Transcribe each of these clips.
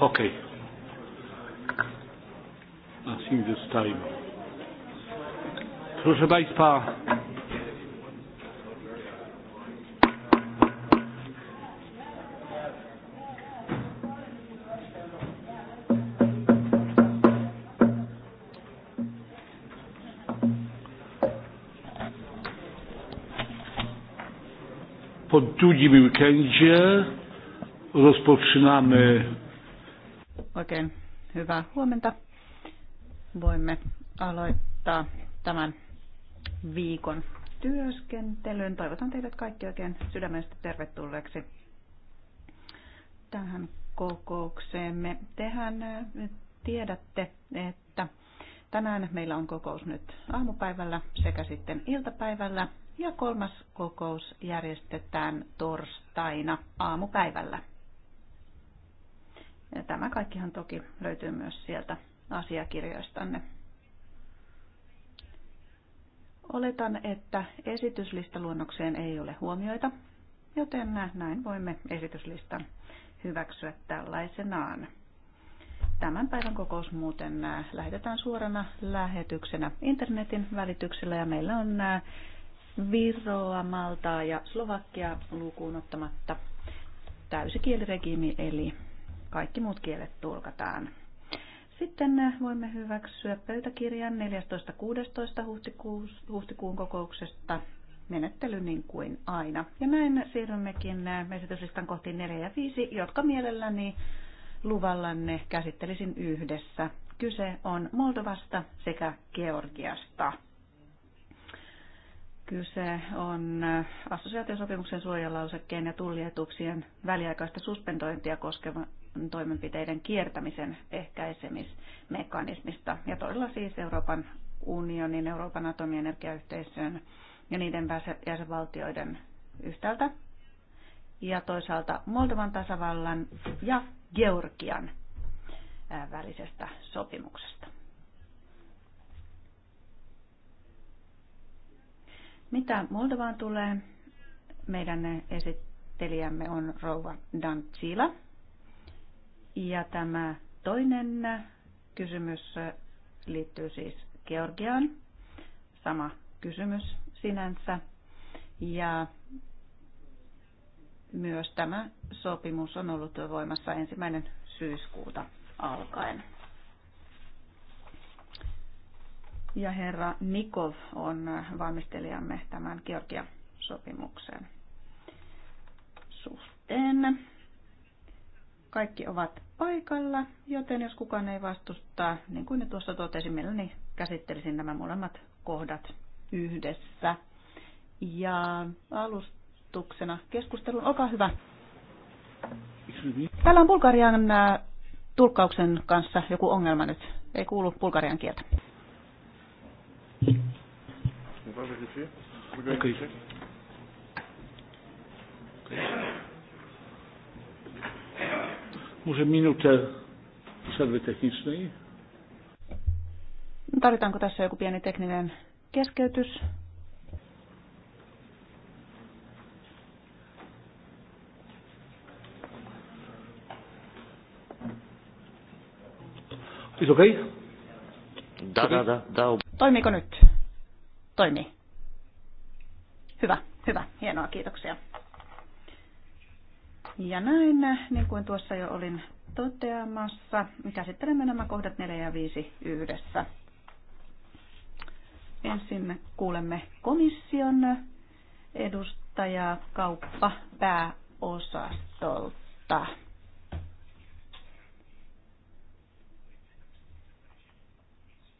Okay. I this time. Proszę Państwa, po długim weekendzie rozpoczynamy Oikein hyvää huomenta. Voimme aloittaa tämän viikon työskentelyn. Toivotan teidät kaikki oikein sydämestä tervetulleeksi tähän kokoukseemme. Tehän äh, tiedätte, että tänään meillä on kokous nyt aamupäivällä sekä sitten iltapäivällä ja kolmas kokous järjestetään torstaina aamupäivällä. Ja tämä kaikkihan toki löytyy myös sieltä asiakirjoistanne. Oletan, että esityslistaluonnokseen ei ole huomioita, joten näin voimme esityslistan hyväksyä tällaisenaan. Tämän päivän kokous muuten lähetetään suorana lähetyksenä internetin välityksellä ja meillä on Viroa, Maltaa ja Slovakia lukuun ottamatta täysi kieliregiimi eli kaikki muut kielet tulkataan. Sitten äh, voimme hyväksyä pöytäkirjan 14.16. huhtikuun kokouksesta menettely niin kuin aina. Ja näin siirrymmekin äh, esityslistan kohti 4 ja 5, jotka mielelläni luvallanne käsittelisin yhdessä. Kyse on Moldovasta sekä Georgiasta. Kyse on äh, assosiaatiosopimuksen suojalausekkeen ja tullietuuksien väliaikaista suspendointia koskeva toimenpiteiden kiertämisen ehkäisemismekanismista. Ja todella siis Euroopan unionin, Euroopan atomienergiayhteisön ja niiden jäsenvaltioiden yhtäältä ja toisaalta Moldovan tasavallan ja Georgian välisestä sopimuksesta. Mitä Moldovaan tulee, meidän esittelijämme on rouva Dan Chila. Ja tämä toinen kysymys liittyy siis Georgiaan. Sama kysymys sinänsä. Ja myös tämä sopimus on ollut voimassa ensimmäinen syyskuuta alkaen. Ja herra Nikov on valmistelijamme tämän Georgia-sopimuksen suhteen. Kaikki ovat paikalla, joten jos kukaan ei vastustaa, niin kuin ne tuossa totesin, mielelläni käsittelisin nämä molemmat kohdat yhdessä. Ja alustuksena keskustelun, olkaa hyvä. Täällä on Bulgarian äh, tulkkauksen kanssa joku ongelma nyt. Ei kuulu bulgarian kieltä. Może minutę przerwy technicznej. Tarvitaanko tässä joku pieni tekninen keskeytys? Is okay? Da, da, da, da. Toimiiko nyt? Toimii. Hyvä, hyvä. Hienoa, kiitoksia. Ja näin, niin kuin tuossa jo olin toteamassa, käsittelemme nämä kohdat 4 ja 5 yhdessä. Ensin kuulemme komission edustajaa kauppapääosastolta.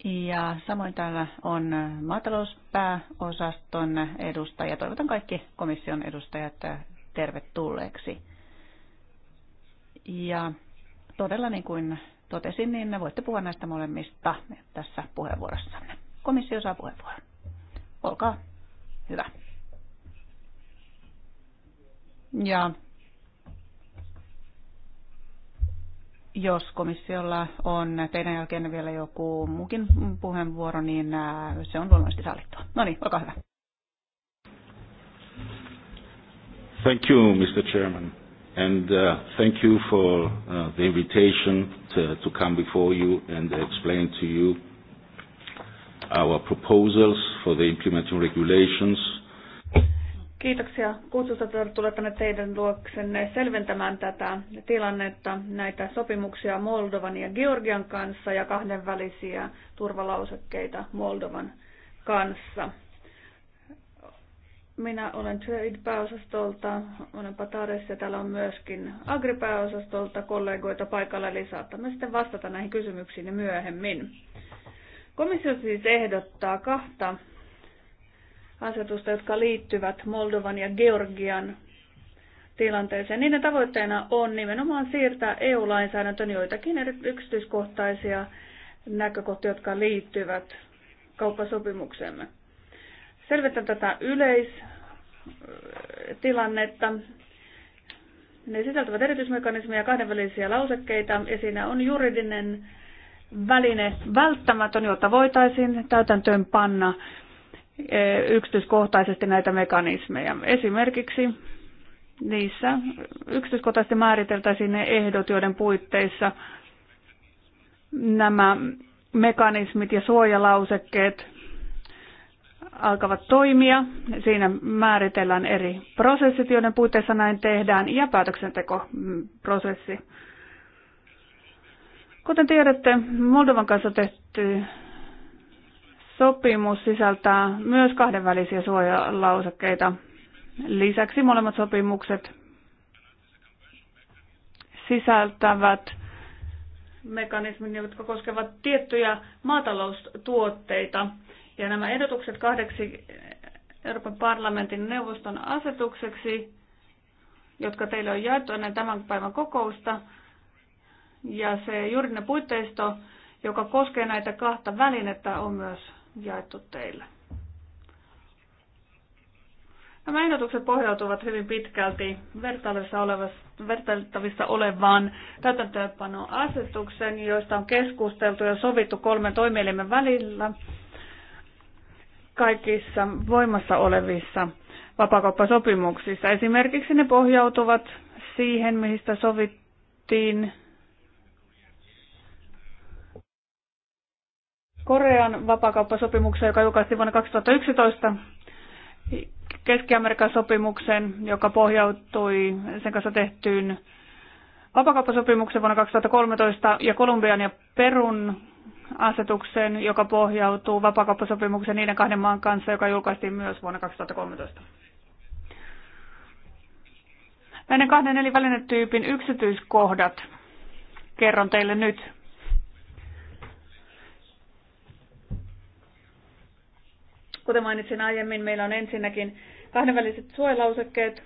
Ja samoin täällä on maatalouspääosaston edustaja. Toivotan kaikki komission edustajat tervetulleeksi. Ja todella niin kuin totesin, niin voitte puhua näistä molemmista tässä puheenvuorossanne. Komissio saa puheenvuoron. Olkaa hyvä. Ja jos komissiolla on teidän jälkeen vielä joku muukin puheenvuoro, niin äh, se on luonnollisesti sallittua. No niin, olkaa hyvä. Thank you, Mr. Chairman and uh, thank you for uh, the invitation to, to come before you and explain to you our proposals for the implementing regulations. Kiitoksia kutsusta tulla tänne teidän luoksenne selventämään tätä tilannetta, näitä sopimuksia Moldovan ja Georgian kanssa ja kahdenvälisiä turvalausekkeita Moldovan kanssa. Minä olen Trade-pääosastolta, olen Patares ja täällä on myöskin Agri-pääosastolta kollegoita paikalla, eli saatamme sitten vastata näihin kysymyksiin myöhemmin. Komissio siis ehdottaa kahta asetusta, jotka liittyvät Moldovan ja Georgian tilanteeseen. Niiden tavoitteena on nimenomaan siirtää EU-lainsäädäntöön joitakin yksityiskohtaisia näkökohtia, jotka liittyvät kauppasopimuksemme selvitä tätä yleistilannetta. Ne sisältävät erityismekanismeja ja kahdenvälisiä lausekkeita ja siinä on juridinen väline välttämätön, jotta voitaisiin täytäntöön panna e, yksityiskohtaisesti näitä mekanismeja. Esimerkiksi niissä yksityiskohtaisesti määriteltäisiin ne ehdot, joiden puitteissa nämä mekanismit ja suojalausekkeet alkavat toimia. Siinä määritellään eri prosessit, joiden puitteissa näin tehdään, ja päätöksentekoprosessi. Kuten tiedätte, Moldovan kanssa tehty sopimus sisältää myös kahdenvälisiä suojalausekkeita. Lisäksi molemmat sopimukset sisältävät mekanismin, jotka koskevat tiettyjä maataloustuotteita ja nämä ehdotukset kahdeksi Euroopan parlamentin neuvoston asetukseksi, jotka teille on jaettu ennen tämän päivän kokousta, ja se juridinen puitteisto, joka koskee näitä kahta välinettä, on myös jaettu teille. Nämä ehdotukset pohjautuvat hyvin pitkälti vertailtavissa, olevaan täytäntöönpanoasetukseen, joista on keskusteltu ja sovittu kolmen toimielimen välillä – kaikissa voimassa olevissa vapakauppasopimuksissa. Esimerkiksi ne pohjautuvat siihen, mistä sovittiin Korean vapakauppasopimuksen, joka julkaistiin vuonna 2011, Keski-Amerikan sopimuksen, joka pohjautui sen kanssa tehtyyn vapakauppasopimuksen vuonna 2013 ja Kolumbian ja Perun asetukseen, joka pohjautuu vapakauppasopimukseen niiden kahden maan kanssa, joka julkaistiin myös vuonna 2013. Näiden kahden eli välinetyypin yksityiskohdat kerron teille nyt. Kuten mainitsin aiemmin, meillä on ensinnäkin kahdenväliset suojelausekkeet.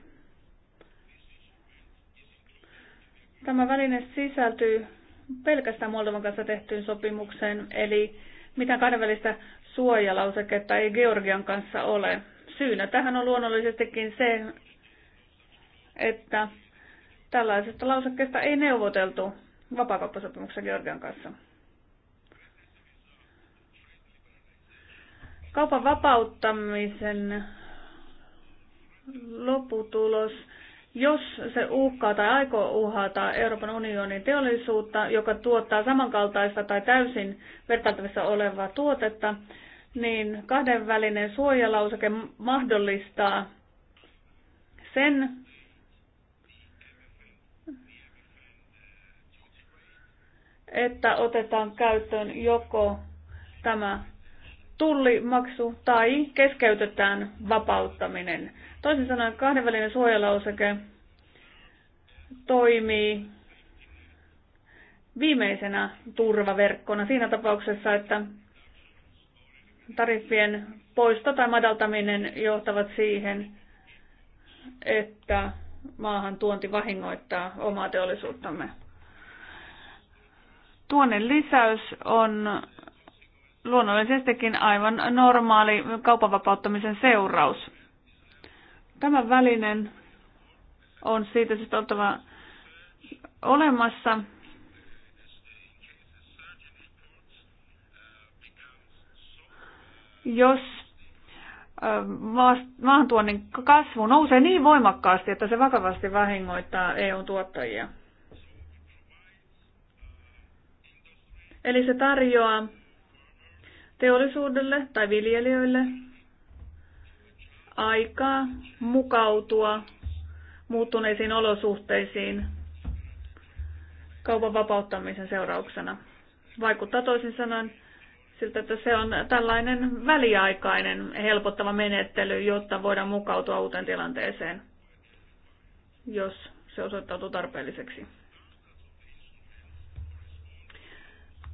Tämä väline sisältyy pelkästään Moldovan kanssa tehtyyn sopimukseen, eli mitä kahdenvälistä suojalauseketta ei Georgian kanssa ole. Syynä tähän on luonnollisestikin se, että tällaisesta lausekkeesta ei neuvoteltu vapaakauppasopimuksessa Georgian kanssa. Kaupan vapauttamisen loputulos jos se uhkaa tai aikoo uhata Euroopan unionin teollisuutta, joka tuottaa samankaltaista tai täysin vertailtavissa olevaa tuotetta, niin kahdenvälinen suojalauseke mahdollistaa sen, että otetaan käyttöön joko tämä tullimaksu tai keskeytetään vapauttaminen. Toisin sanoen kahdenvälinen suojalauseke toimii viimeisenä turvaverkkona siinä tapauksessa, että tariffien poisto tai madaltaminen johtavat siihen, että maahan tuonti vahingoittaa omaa teollisuuttamme. Tuonnen lisäys on luonnollisestikin aivan normaali kaupavapauttamisen seuraus. Tämä välinen on siitä sitten oltava olemassa. Jos maahantuonnin kasvu nousee niin voimakkaasti, että se vakavasti vahingoittaa EU-tuottajia. Eli se tarjoaa teollisuudelle tai viljelijöille aikaa mukautua muuttuneisiin olosuhteisiin kaupan vapauttamisen seurauksena. Vaikuttaa toisin sanoen siltä, että se on tällainen väliaikainen helpottava menettely, jotta voidaan mukautua uuteen tilanteeseen, jos se osoittautuu tarpeelliseksi.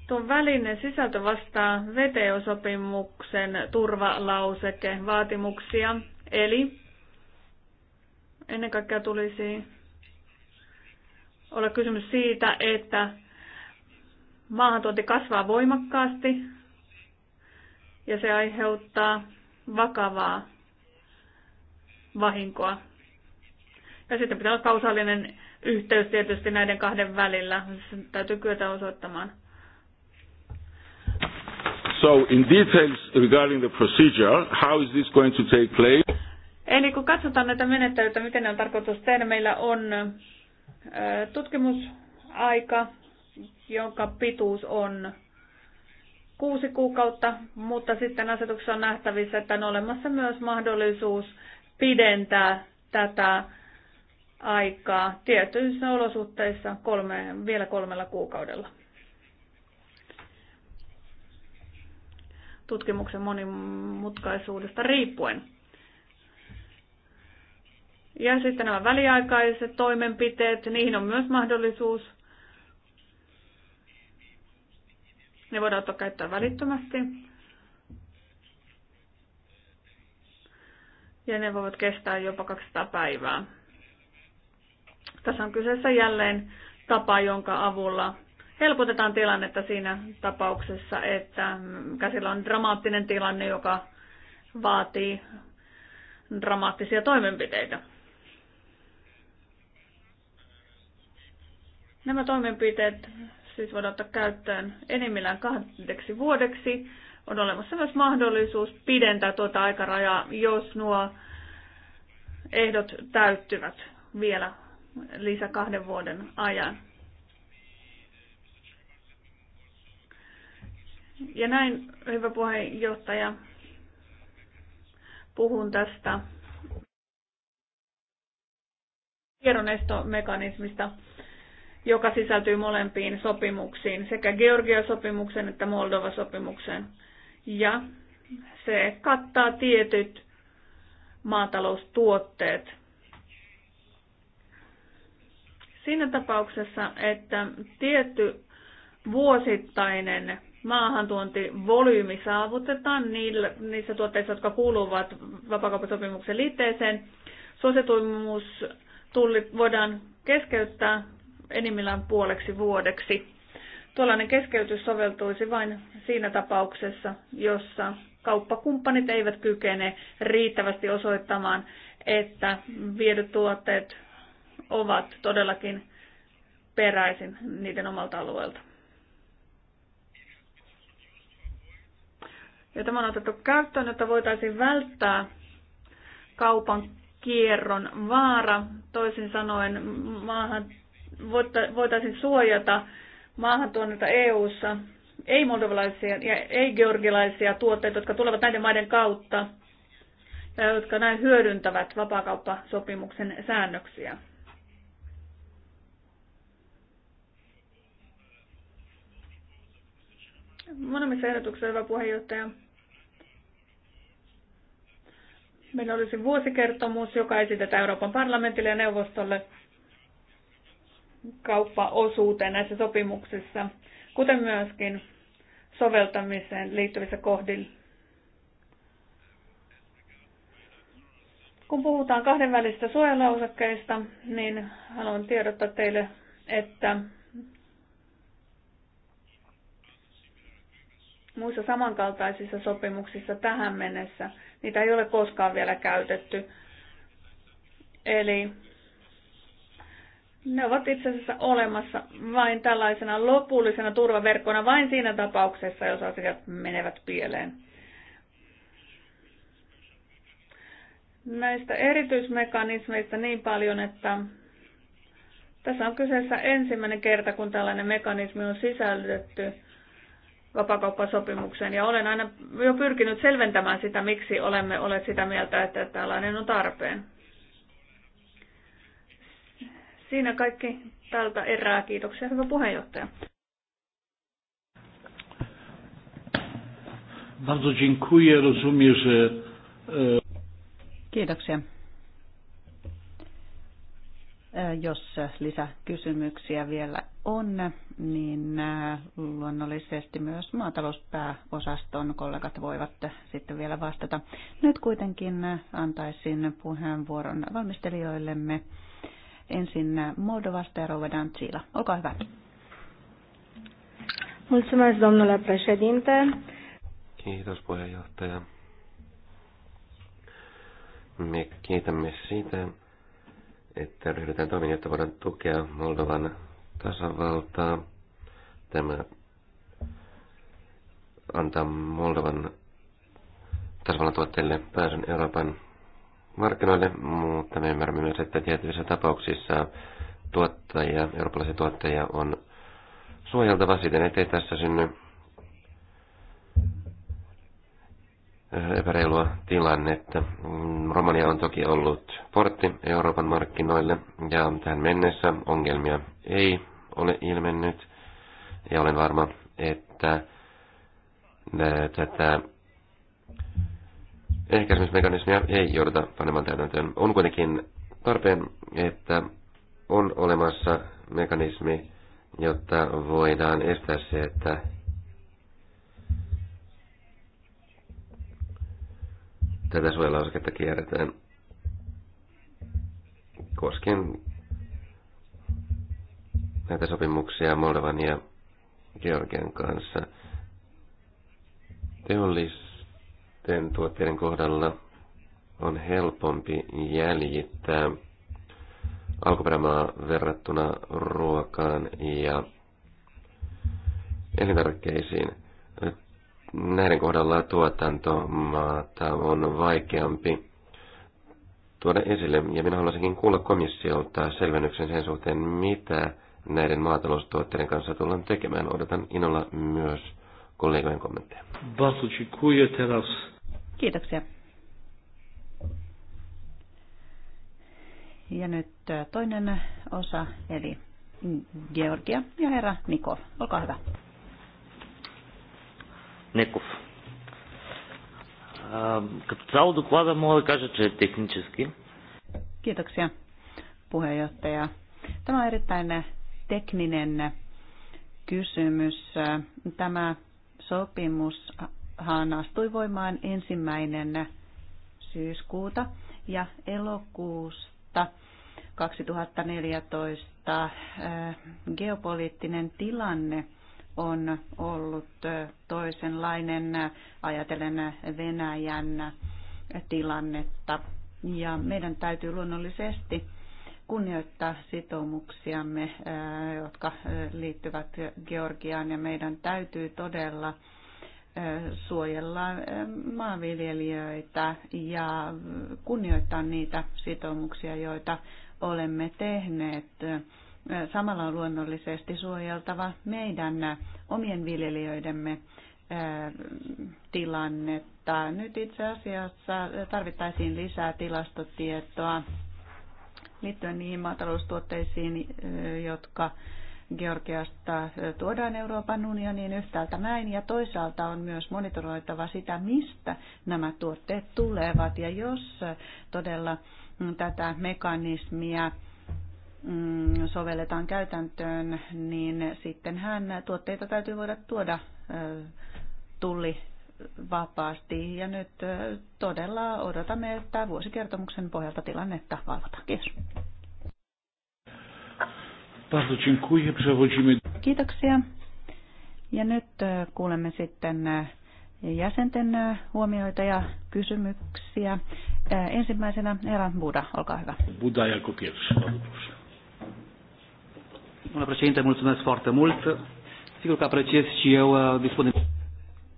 Tuon välineen sisältö vastaa VTO-sopimuksen turvalausekevaatimuksia, vaatimuksia, eli ennen kaikkea tulisi olla kysymys siitä, että maahantuonti kasvaa voimakkaasti ja se aiheuttaa vakavaa vahinkoa. Ja sitten pitää olla kausaalinen yhteys tietysti näiden kahden välillä. Se täytyy kyetä osoittamaan. So in details regarding the procedure, how is this going to take place? Eli kun katsotaan näitä menettelyitä, miten ne on tarkoitus tehdä, meillä on tutkimusaika, jonka pituus on kuusi kuukautta, mutta sitten asetuksessa on nähtävissä, että on olemassa myös mahdollisuus pidentää tätä aikaa tietyissä olosuhteissa kolme, vielä kolmella kuukaudella. tutkimuksen monimutkaisuudesta riippuen. Ja sitten nämä väliaikaiset toimenpiteet, niihin on myös mahdollisuus. Ne voidaan ottaa käyttää välittömästi. Ja ne voivat kestää jopa 200 päivää. Tässä on kyseessä jälleen tapa, jonka avulla helpotetaan tilannetta siinä tapauksessa, että käsillä on dramaattinen tilanne, joka vaatii dramaattisia toimenpiteitä. Nämä toimenpiteet siis voidaan ottaa käyttöön enimmillään kahdeksi vuodeksi. On olemassa myös mahdollisuus pidentää tuota aikarajaa, jos nuo ehdot täyttyvät vielä lisä kahden vuoden ajan. Ja näin, hyvä puheenjohtaja, puhun tästä tiedonestomekanismista, joka sisältyy molempiin sopimuksiin, sekä Georgia-sopimuksen että Moldova-sopimukseen. Ja se kattaa tietyt maataloustuotteet. Siinä tapauksessa, että tietty vuosittainen maahantuontivolyymi saavutetaan niillä, niissä tuotteissa, jotka kuuluvat vapaakauppasopimuksen liitteeseen. Suosituimuus tullit voidaan keskeyttää enimmillään puoleksi vuodeksi. Tuollainen keskeytys soveltuisi vain siinä tapauksessa, jossa kauppakumppanit eivät kykene riittävästi osoittamaan, että viedyt tuotteet ovat todellakin peräisin niiden omalta alueelta. Ja tämä on otettu käyttöön, jotta voitaisiin välttää kaupan kierron vaara. Toisin sanoen maahan, voitaisiin suojata maahantuonnilta EU-ssa ei-moldovalaisia ja ei-georgilaisia tuotteita, jotka tulevat näiden maiden kautta ja jotka näin hyödyntävät vapaakauppasopimuksen säännöksiä. Molemmissa ehdotuksissa, hyvä puheenjohtaja, Meillä olisi vuosikertomus, joka esitetään Euroopan parlamentille ja neuvostolle kauppaosuuteen näissä sopimuksissa, kuten myöskin soveltamiseen liittyvissä kohdilla. Kun puhutaan kahdenvälisistä suojalausekkeista, niin haluan tiedottaa teille, että muissa samankaltaisissa sopimuksissa tähän mennessä – Niitä ei ole koskaan vielä käytetty. Eli ne ovat itse asiassa olemassa vain tällaisena lopullisena turvaverkkona, vain siinä tapauksessa, jos asiat menevät pieleen. Näistä erityismekanismeista niin paljon, että tässä on kyseessä ensimmäinen kerta, kun tällainen mekanismi on sisällytetty – vapakauppasopimukseen. Ja olen aina jo pyrkinyt selventämään sitä, miksi olemme olleet sitä mieltä, että tällainen on tarpeen. Siinä kaikki tältä erää. Kiitoksia, hyvä puheenjohtaja. Bardzo dziękuję. Rozumiem, że... E, Kiitoksia. Jos lisäkysymyksiä vielä on, niin luonnollisesti myös maatalouspääosaston kollegat voivat sitten vielä vastata. Nyt kuitenkin antaisin puheenvuoron valmistelijoillemme. Ensin Moldovasta ja Rovedan Tsiila. Olkaa hyvä. Kiitos, puheenjohtaja. Me kiitämme siitä, että ryhdytään toimiin, jotta voidaan tukea Moldovan tasavaltaa. Tämä antaa Moldovan tasavallan tuotteille pääsyn Euroopan markkinoille, mutta me ymmärrämme myös, että tietyissä tapauksissa tuottajia, eurooppalaisia tuottajia on suojeltava siten, ettei tässä synny Äh, epäreilua tilannetta. Mm, Romania on toki ollut portti Euroopan markkinoille ja tähän mennessä ongelmia ei ole ilmennyt. Ja olen varma, että äh, tätä ehkäisemismekanismia ei jouduta panemaan täytäntöön. On kuitenkin tarpeen, että on olemassa mekanismi, jotta voidaan estää se, että tätä suojelauseketta kierretään koskien näitä sopimuksia Moldovan ja Georgian kanssa. Teollisten tuotteiden kohdalla on helpompi jäljittää alkuperämaa verrattuna ruokaan ja elintarvikkeisiin näiden kohdalla tuotanto on vaikeampi tuoda esille. Ja minä haluaisinkin kuulla komissiolta selvennyksen sen suhteen, mitä näiden maataloustuotteiden kanssa tullaan tekemään. Odotan innolla myös kollegojen kommentteja. Kiitoksia. Ja nyt e, toinen osa, eli Georgia ja herra Nikov. Olkaa hyvä. Неков. Като цяло доклада мога да кажа, че е teknisesti. Kiitoksia puheenjohtaja. Tämä on erittäin tekninen kysymys. Tämä sopimushan astui voimaan ensimmäinen syyskuuta ja elokuusta 2014 geopoliittinen tilanne – on ollut toisenlainen ajatellen Venäjän tilannetta. Ja meidän täytyy luonnollisesti kunnioittaa sitoumuksiamme, jotka liittyvät Georgiaan, ja meidän täytyy todella suojella maanviljelijöitä ja kunnioittaa niitä sitoumuksia, joita olemme tehneet Samalla on luonnollisesti suojeltava meidän omien viljelijöidemme tilannetta. Nyt itse asiassa tarvittaisiin lisää tilastotietoa liittyen niihin maataloustuotteisiin, jotka Georgiasta tuodaan Euroopan unioniin yhtäältä näin ja toisaalta on myös monitoroitava sitä, mistä nämä tuotteet tulevat ja jos todella tätä mekanismia Mm, sovelletaan käytäntöön, niin sittenhän tuotteita täytyy voida tuoda tulli vapaasti. Ja nyt todella odotamme, että vuosikertomuksen pohjalta tilannetta valvotaan. Kiitos. Kiitoksia. Ja nyt kuulemme sitten jäsenten huomioita ja kysymyksiä. Ensimmäisenä Eran Buda, olkaa hyvä. Buda ja kokeilus. Domnule președinte, mulțumesc foarte mult. Sigur că apreciez și eu uh, disponibilitatea.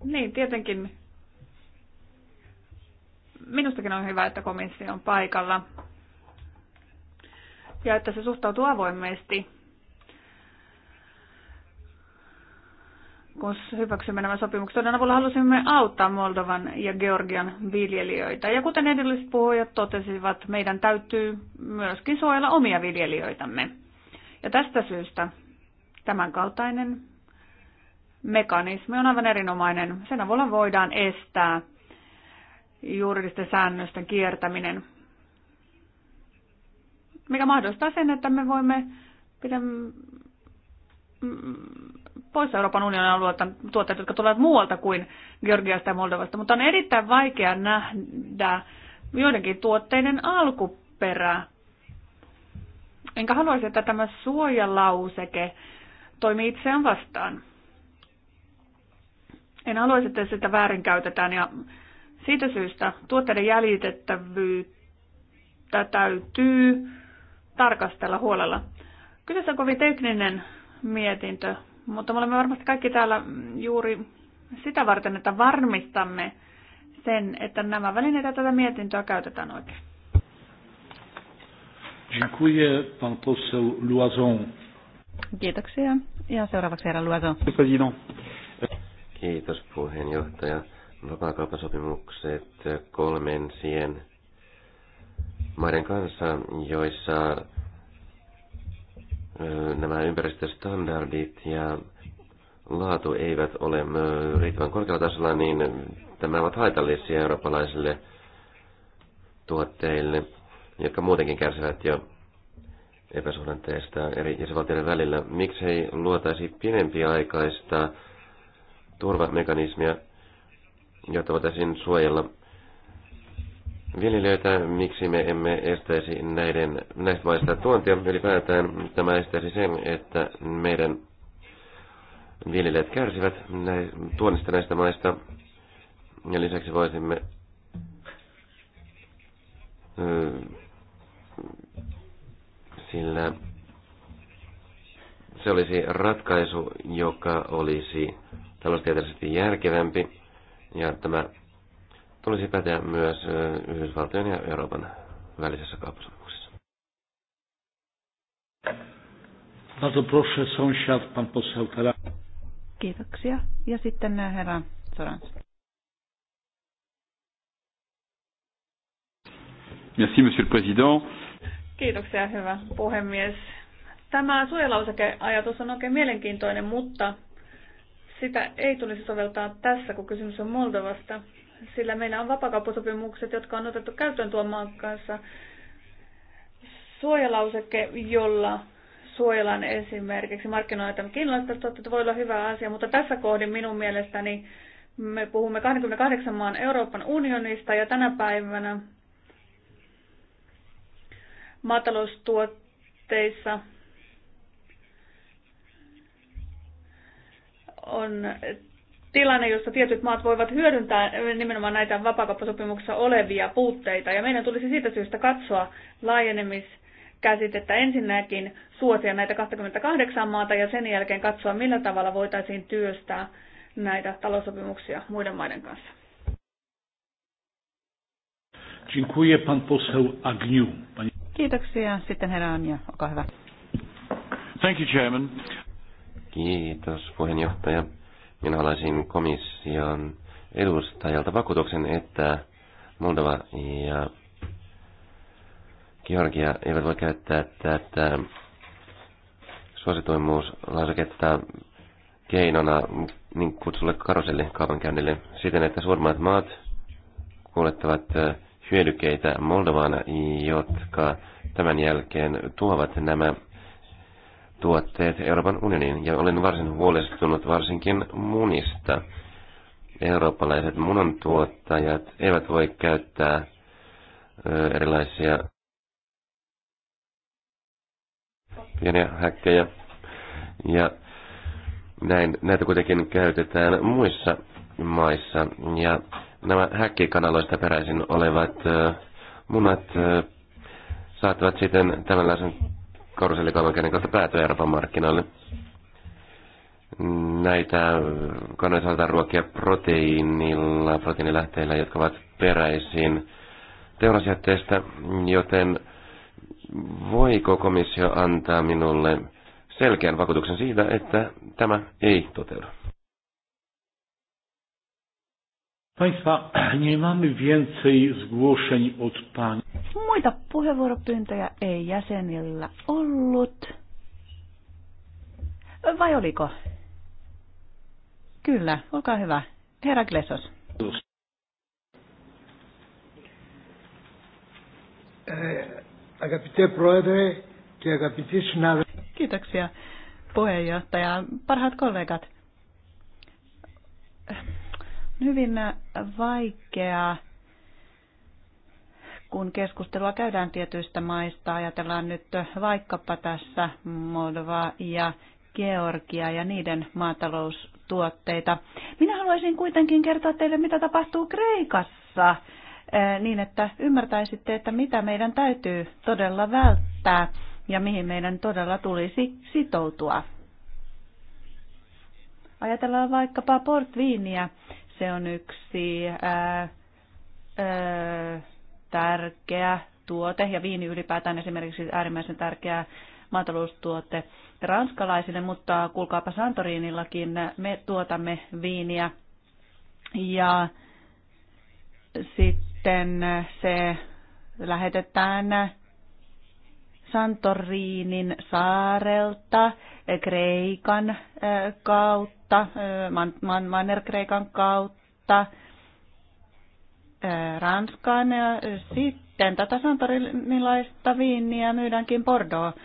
Niin, tietenkin. Minustakin on hyvä, että komissio on paikalla ja että se suhtautuu avoimesti. Kun hyväksymme nämä sopimukset, sodan avulla halusimme auttaa Moldovan ja Georgian viljelijöitä. Ja kuten edelliset puhujat totesivat, meidän täytyy myöskin suojella omia viljelijöitämme. Ja tästä syystä tämänkaltainen mekanismi on aivan erinomainen. Sen avulla voidaan estää juridisten säännösten kiertäminen, mikä mahdollistaa sen, että me voimme pitää pois Euroopan unionin alueelta tuotteet, jotka tulevat muualta kuin Georgiasta ja Moldovasta, mutta on erittäin vaikea nähdä joidenkin tuotteiden alkuperää Enkä haluaisi, että tämä suojalauseke toimii itseään vastaan. En haluaisi, että sitä väärinkäytetään ja siitä syystä tuotteiden jäljitettävyyttä täytyy tarkastella huolella. Kyseessä on kovin tekninen mietintö, mutta me olemme varmasti kaikki täällä juuri sitä varten, että varmistamme sen, että nämä välineet ja tätä mietintöä käytetään oikein. Dziękuję. Pan poseł Loison. Kiitoksia. Ja seuraavaksi herra Loison. Kiitos puheenjohtaja. Vapaakauppasopimukset sien maiden kanssa, joissa nämä ympäristöstandardit ja laatu eivät ole riittävän korkealla tasolla, niin tämä ovat haitallisia eurooppalaisille tuotteille jotka muutenkin kärsivät jo epäsuhdanteesta eri jäsenvaltioiden välillä. Miksi ei luotaisi pidempiaikaista turvamekanismia, jotta voitaisiin suojella viljelijöitä, miksi me emme estäisi näiden, näistä maista tuontia ylipäätään. Tämä estäisi sen, että meidän viljelijät kärsivät tuonnista näistä maista. Ja lisäksi voisimme sillä se olisi ratkaisu, joka olisi taloustieteellisesti järkevämpi, ja tämä tulisi päteä myös Yhdysvaltojen ja Euroopan välisessä kauppasopimuksessa. Kiitoksia. Ja sitten herra Sorans. Merci, monsieur le président. Kiitoksia, hyvä puhemies. Tämä suojalausekeajatus on oikein mielenkiintoinen, mutta sitä ei tulisi soveltaa tässä, kun kysymys on Moldovasta, sillä meillä on vapakauppasopimukset, jotka on otettu käyttöön tuon maan kanssa. Suojalauseke, jolla suojellaan esimerkiksi markkinoita kiinalaista tuotteita, voi olla hyvä asia, mutta tässä kohdin minun mielestäni me puhumme 28 maan Euroopan unionista ja tänä päivänä maataloustuotteissa on tilanne, jossa tietyt maat voivat hyödyntää nimenomaan näitä vapaakauppasopimuksessa olevia puutteita. Ja meidän tulisi siitä syystä katsoa laajenemiskäsitettä ensinnäkin suosia näitä 28 maata ja sen jälkeen katsoa, millä tavalla voitaisiin työstää näitä talousopimuksia muiden maiden kanssa. Dziękuję pan poseł Agniu. Kiitoksia. Sitten herra Anja, olkaa hyvä. Thank you, Chairman. Kiitos, puheenjohtaja. Minä haluaisin komission edustajalta vakuutuksen, että Moldova ja Georgia eivät voi käyttää tätä suosituimmuuslauseketta keinona niin kutsulle kaupankäynnille siten, että suurimmat maat kuljettavat hyödykkeitä Moldovaan, jotka tämän jälkeen tuovat nämä tuotteet Euroopan unioniin. Ja olen varsin huolestunut varsinkin munista. Eurooppalaiset munantuottajat eivät voi käyttää erilaisia pieniä häkkejä. Ja näin, näitä kuitenkin käytetään muissa maissa. Ja nämä häkkikanaloista peräisin olevat munat saattavat sitten tämänlaisen karusellikaupankäynnin kautta päätyä Euroopan markkinoille. Näitä kanoja saadaan ruokia proteiinilla, proteiinilähteillä, jotka ovat peräisin teurasjätteestä, joten voiko komissio antaa minulle selkeän vakuutuksen siitä, että tämä ei toteudu? Państwa, nie mamy więcej zgłoszeń od pani. Muita puheenvuoropyyntöjä ei jäsenillä ollut. Vai oliko? Kyllä, olkaa hyvä. Herra Glesos. Eh, proedre ja Kiitoksia puheenjohtaja. Parhaat kollegat hyvin vaikeaa, kun keskustelua käydään tietyistä maista. Ajatellaan nyt vaikkapa tässä Moldova ja Georgia ja niiden maataloustuotteita. Minä haluaisin kuitenkin kertoa teille, mitä tapahtuu Kreikassa, eh, niin että ymmärtäisitte, että mitä meidän täytyy todella välttää ja mihin meidän todella tulisi sitoutua. Ajatellaan vaikkapa portviiniä. Se on yksi ää, ää, tärkeä tuote ja viini ylipäätään esimerkiksi äärimmäisen tärkeä maataloustuote ranskalaisille, mutta kuulkaapa Santorinillakin me tuotamme viiniä ja sitten se lähetetään Santorinin saarelta, eh, eh, eh, Kreikan kautta, Manner-Kreikan kautta, Ranskaan ja sitten tätä santorinilaista viiniä myydäänkin Bordeaux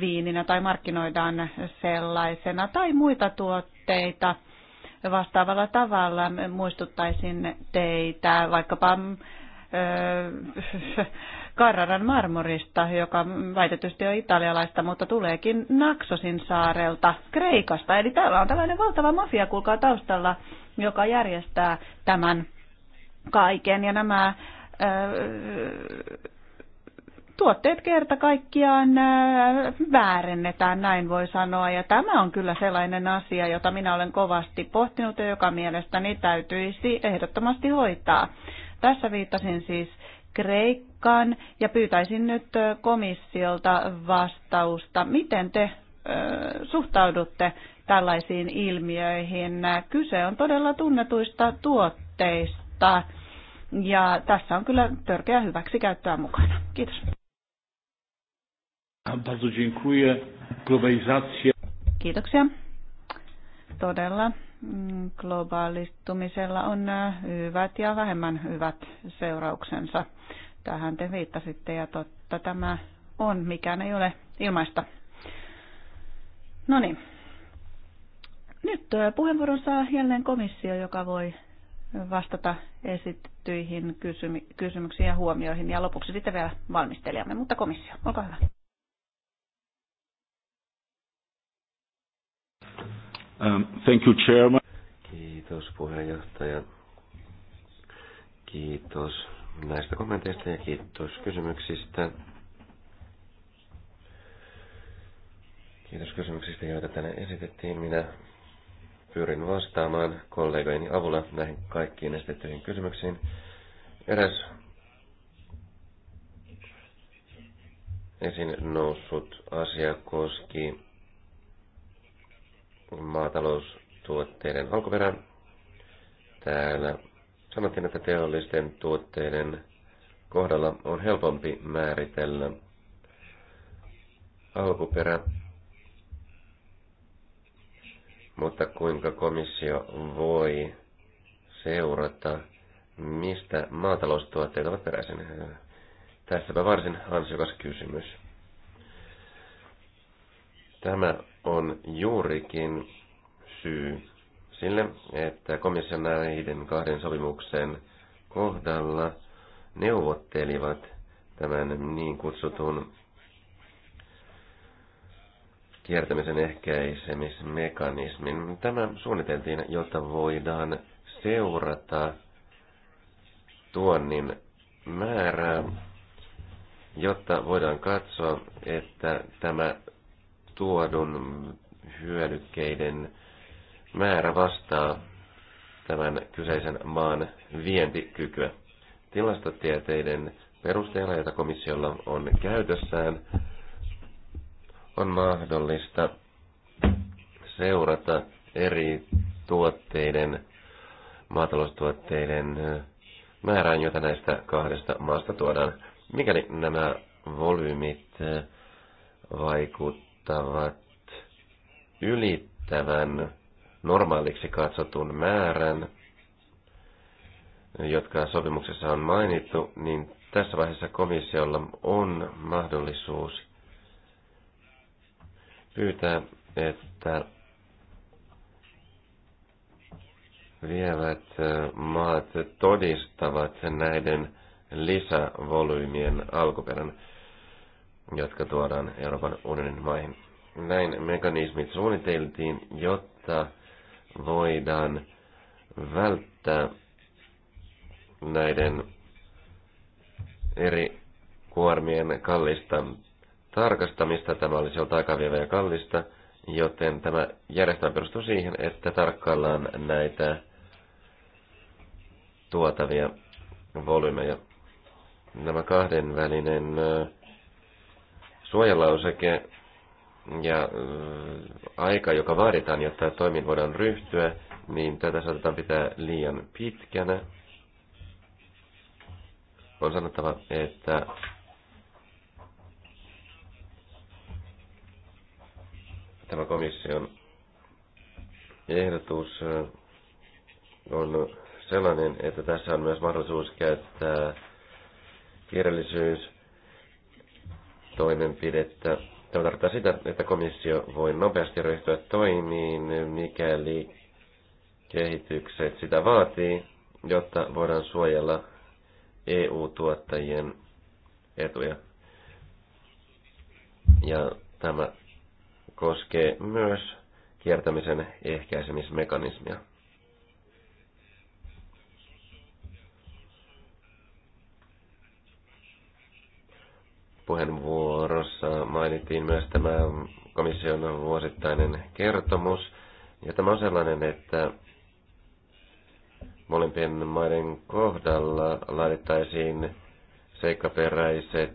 viininä tai markkinoidaan sellaisena tai muita tuotteita vastaavalla tavalla. Muistuttaisin teitä vaikkapa mm, Carraran marmorista, joka väitetysti on italialaista, mutta tuleekin Naksosin saarelta, Kreikasta. Eli täällä on tällainen valtava mafia, kuulkaa taustalla, joka järjestää tämän kaiken. Ja nämä tuotteet kerta kaikkiaan väärennetään, näin voi sanoa. Ja tämä on kyllä sellainen asia, jota minä olen kovasti pohtinut ja joka mielestäni täytyisi ehdottomasti hoitaa. Tässä viittasin siis Kreikkaan ja pyytäisin nyt komissiolta vastausta. Miten te suhtaudutte tällaisiin ilmiöihin? Kyse on todella tunnetuista tuotteista ja tässä on kyllä törkeä hyväksikäyttöä mukana. Kiitos. Kiitoksia. Todella globaalistumisella on äh, hyvät ja vähemmän hyvät seurauksensa. Tähän te viittasitte ja totta tämä on, mikään ei ole ilmaista. No niin. Nyt äh, puheenvuoron saa jälleen komissio, joka voi vastata esittyihin kysymyksiin ja huomioihin. Ja lopuksi sitten vielä valmistelijamme, mutta komissio, olkaa hyvä. Um, thank you, Chairman. Kiitos puheenjohtaja. Kiitos näistä kommenteista ja kiitos kysymyksistä. Kiitos kysymyksistä, joita tänne esitettiin. Minä pyrin vastaamaan kollegojeni avulla näihin kaikkiin esitettyihin kysymyksiin. Eräs esiin noussut asia koski maataloustuotteiden alkuperän. Täällä sanottiin, että teollisten tuotteiden kohdalla on helpompi määritellä alkuperä, mutta kuinka komissio voi seurata, mistä maataloustuotteet ovat peräisin? Tässäpä varsin ansiokas kysymys. Tämä on juurikin syy sille, että komission näiden kahden sopimuksen kohdalla neuvottelivat tämän niin kutsutun kiertämisen ehkäisemismekanismin. Tämä suunniteltiin, jotta voidaan seurata tuonnin määrää, jotta voidaan katsoa, että tämä tuodun hyödykkeiden määrä vastaa tämän kyseisen maan vientikykyä. Tilastotieteiden perusteella, jota komissiolla on käytössään, on mahdollista seurata eri tuotteiden, maataloustuotteiden määrään, jota näistä kahdesta maasta tuodaan. Mikäli nämä volyymit vaikuttavat vaikuttavat ylittävän normaaliksi katsotun määrän, jotka sopimuksessa on mainittu, niin tässä vaiheessa komissiolla on mahdollisuus pyytää, että vievät maat todistavat näiden lisävolyymien alkuperän jotka tuodaan Euroopan unionin maihin. Näin mekanismit suunniteltiin, jotta voidaan välttää näiden eri kuormien kallista tarkastamista. Tämä olisi ollut vielä ja kallista, joten tämä järjestelmä perustuu siihen, että tarkkaillaan näitä tuotavia volyymeja. Nämä kahden välinen suojalauseke ja aika, joka vaaditaan, jotta toimiin voidaan ryhtyä, niin tätä saatetaan pitää liian pitkänä. On sanottava, että tämä komission ehdotus on sellainen, että tässä on myös mahdollisuus käyttää kirjallisuus toimenpidettä. Tämä tarkoittaa sitä, että komissio voi nopeasti ryhtyä toimiin, mikäli kehitykset sitä vaatii, jotta voidaan suojella EU-tuottajien etuja. Ja tämä koskee myös kiertämisen ehkäisemismekanismia. puheenvuorossa mainittiin myös tämä komission vuosittainen kertomus. Ja tämä on sellainen, että molempien maiden kohdalla laadittaisiin seikkaperäiset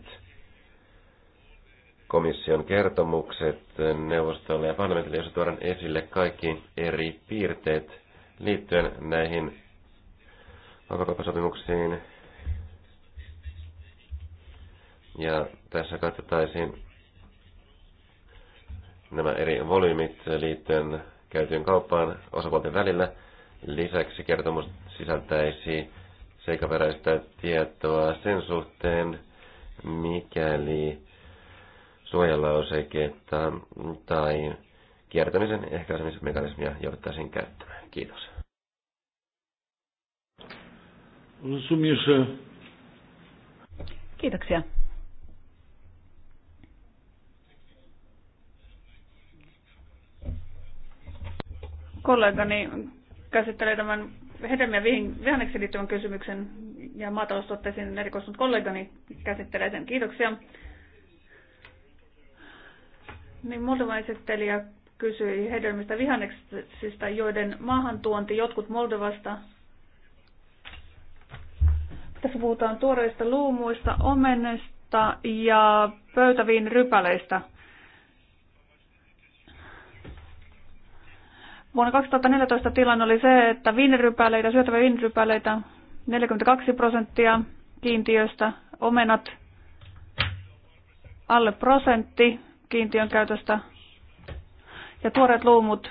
komission kertomukset neuvostolle ja parlamentille, jossa tuodaan esille kaikki eri piirteet liittyen näihin vapakauppasopimuksiin ja tässä katsottaisiin nämä eri volyymit liittyen käytyyn kauppaan osapuolten välillä. Lisäksi kertomus sisältäisi seikaperäistä tietoa sen suhteen, mikäli suojalauseketta tai kiertämisen ehkäisemismekanismia jouduttaisiin käyttämään. Kiitos. Kiitoksia. kollegani käsittelee tämän hedelmiä vihanneksi liittyvän kysymyksen ja maataloustuotteisiin erikoistunut kollegani käsittelee sen. Kiitoksia. Niin Moldovan esittelijä kysyi hedelmistä vihanneksista, joiden maahantuonti jotkut Moldovasta. Tässä puhutaan tuoreista luumuista, omenesta ja pöytäviin rypäleistä – Vuonna 2014 tilanne oli se, että viinirypäleitä, syötäviä viinirypäleitä 42 prosenttia kiintiöstä, omenat alle prosentti kiintiön käytöstä ja tuoreet luumut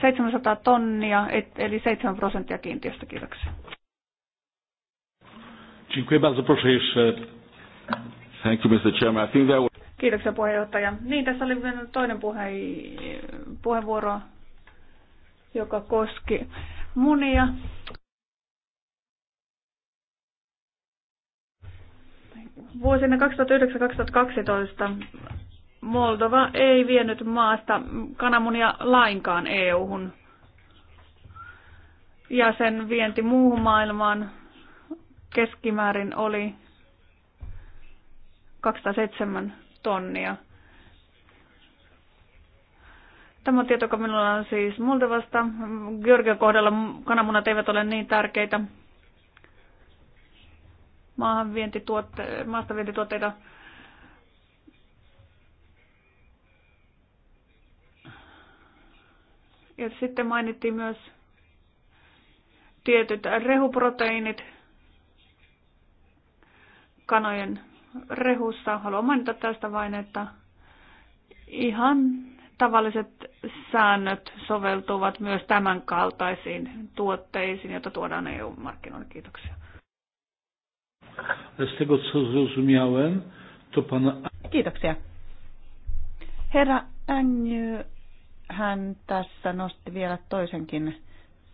700 tonnia, eli 7 prosenttia kiintiöstä. Kiitoksia. Thank you, Mr. Chairman. Kiitoksia puheenjohtaja. Niin, tässä oli vielä toinen puhe, puheenvuoro joka koski munia. Vuosina 2009-2012 Moldova ei vienyt maasta kananmunia lainkaan EU-hun. Ja sen vienti muuhun maailmaan keskimäärin oli 207 tonnia – Tämä tieto, joka minulla on siis Moldovasta. Georgian kohdalla kananmunat eivät ole niin tärkeitä. Maahanvientituotte- maastavientituotteita Ja sitten mainittiin myös tietyt rehuproteiinit kanojen rehussa. Haluan mainita tästä vain, että ihan tavalliset säännöt soveltuvat myös tämän kaltaisiin tuotteisiin, joita tuodaan EU-markkinoille. Kiitoksia. Kiitoksia. Herra Ängy, hän tässä nosti vielä toisenkin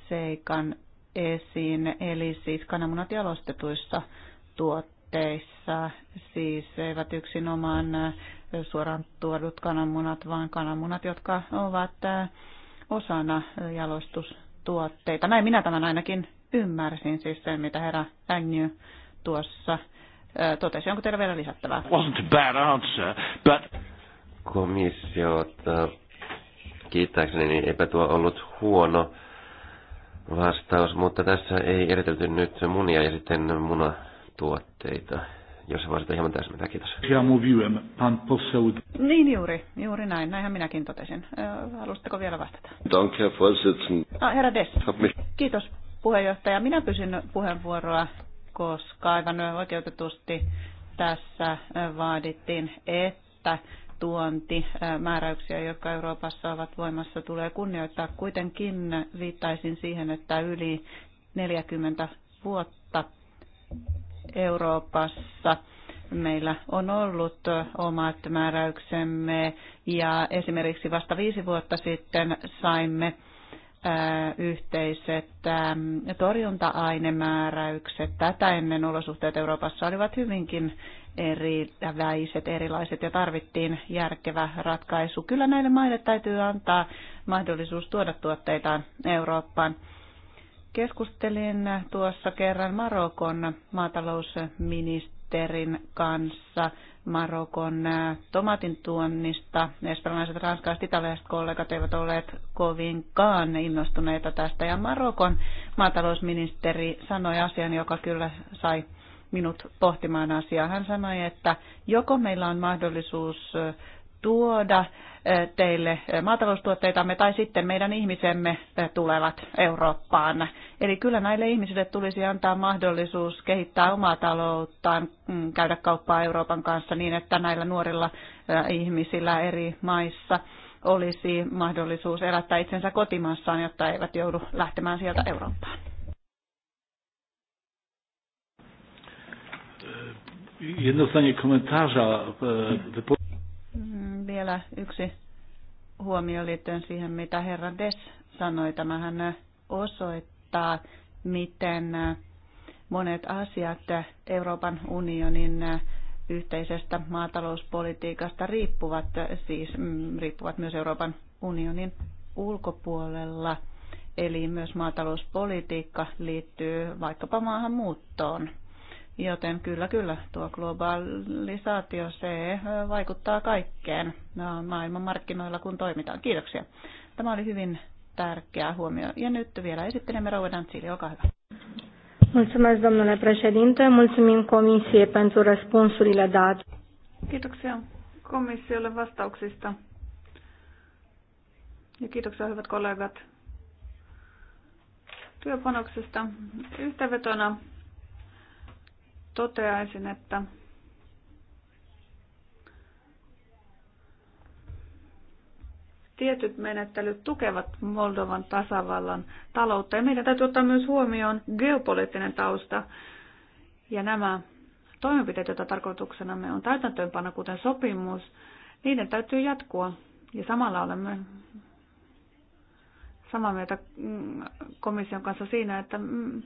seikan esiin, eli siis kananmunat jalostetuissa tuotteissa, siis eivät yksinomaan suoraan tuodut kananmunat, vaan kananmunat, jotka ovat äh, osana jalostustuotteita. Näin minä tämän ainakin ymmärsin, siis sen mitä herra Agnew tuossa äh, totesi. Onko teillä vielä lisättävää? Wasn't a bad answer, but... Komissiota kiittääkseni niin eipä tuo ollut huono vastaus, mutta tässä ei eritelty nyt munia ja sitten munatuotteita jos voisit hieman täsmätä. kiitos. Ja mówiłem, pan Niin juuri, juuri näin, näinhän minäkin totesin. Haluatteko vielä vastata? Danke, Herr Vorsitzender. Ah, herra Dess. Kiitos, puheenjohtaja. Minä pysyn puheenvuoroa, koska aivan oikeutetusti tässä vaadittiin, että tuontimääräyksiä, jotka Euroopassa ovat voimassa, tulee kunnioittaa. Kuitenkin viittaisin siihen, että yli 40 vuotta Euroopassa meillä on ollut omat määräyksemme ja esimerkiksi vasta viisi vuotta sitten saimme yhteiset torjunta-ainemääräykset. Tätä ennen olosuhteet Euroopassa olivat hyvinkin eriväiset, erilaiset ja tarvittiin järkevä ratkaisu. Kyllä näille maille täytyy antaa mahdollisuus tuoda tuotteitaan Eurooppaan. Keskustelin tuossa kerran Marokon maatalousministerin kanssa Marokon tomatin tuonnista. Espanjalaiset, ranskalaiset, italialaiset kollegat eivät olleet kovinkaan innostuneita tästä. Ja Marokon maatalousministeri sanoi asian, joka kyllä sai minut pohtimaan asiaa. Hän sanoi, että joko meillä on mahdollisuus tuoda eh, teille eh, maataloustuotteitamme tai sitten meidän ihmisemme eh, tulevat Eurooppaan. Eli kyllä näille ihmisille tulisi antaa mahdollisuus kehittää omaa talouttaan, mm, käydä kauppaa Euroopan kanssa niin, että näillä nuorilla ihmisillä eri maissa olisi mahdollisuus elättää itsensä kotimaassaan, jotta eivät joudu lähtemään sieltä Eurooppaan. Jedno zdanie komentarza. E, vielä yksi huomio liittyen siihen, mitä herra Des sanoi. Tämähän osoittaa, miten monet asiat Euroopan unionin yhteisestä maatalouspolitiikasta riippuvat, siis mm, riippuvat myös Euroopan unionin ulkopuolella. Eli myös maatalouspolitiikka liittyy vaikkapa maahanmuuttoon Joten kyllä, kyllä, tuo globalisaatio, se vaikuttaa kaikkeen maailman markkinoilla, kun toimitaan. Kiitoksia. Tämä oli hyvin tärkeä huomio. Ja nyt vielä esittelemme Rouva Dantzili, olkaa hyvä. Mulțumesc, domnule președinte. Mulțumim comisie pentru răspunsurile date. Kiitoksia komissiolle vastauksista. Ja kiitoksia hyvät kollegat työpanoksesta. Yhteenvetona toteaisin, että tietyt menettelyt tukevat Moldovan tasavallan taloutta. Ja meidän täytyy ottaa myös huomioon geopoliittinen tausta ja nämä toimenpiteet, joita me on täytäntöönpana, kuten sopimus, niiden täytyy jatkua. Ja samalla olemme samaa mieltä mm, komission kanssa siinä, että mm,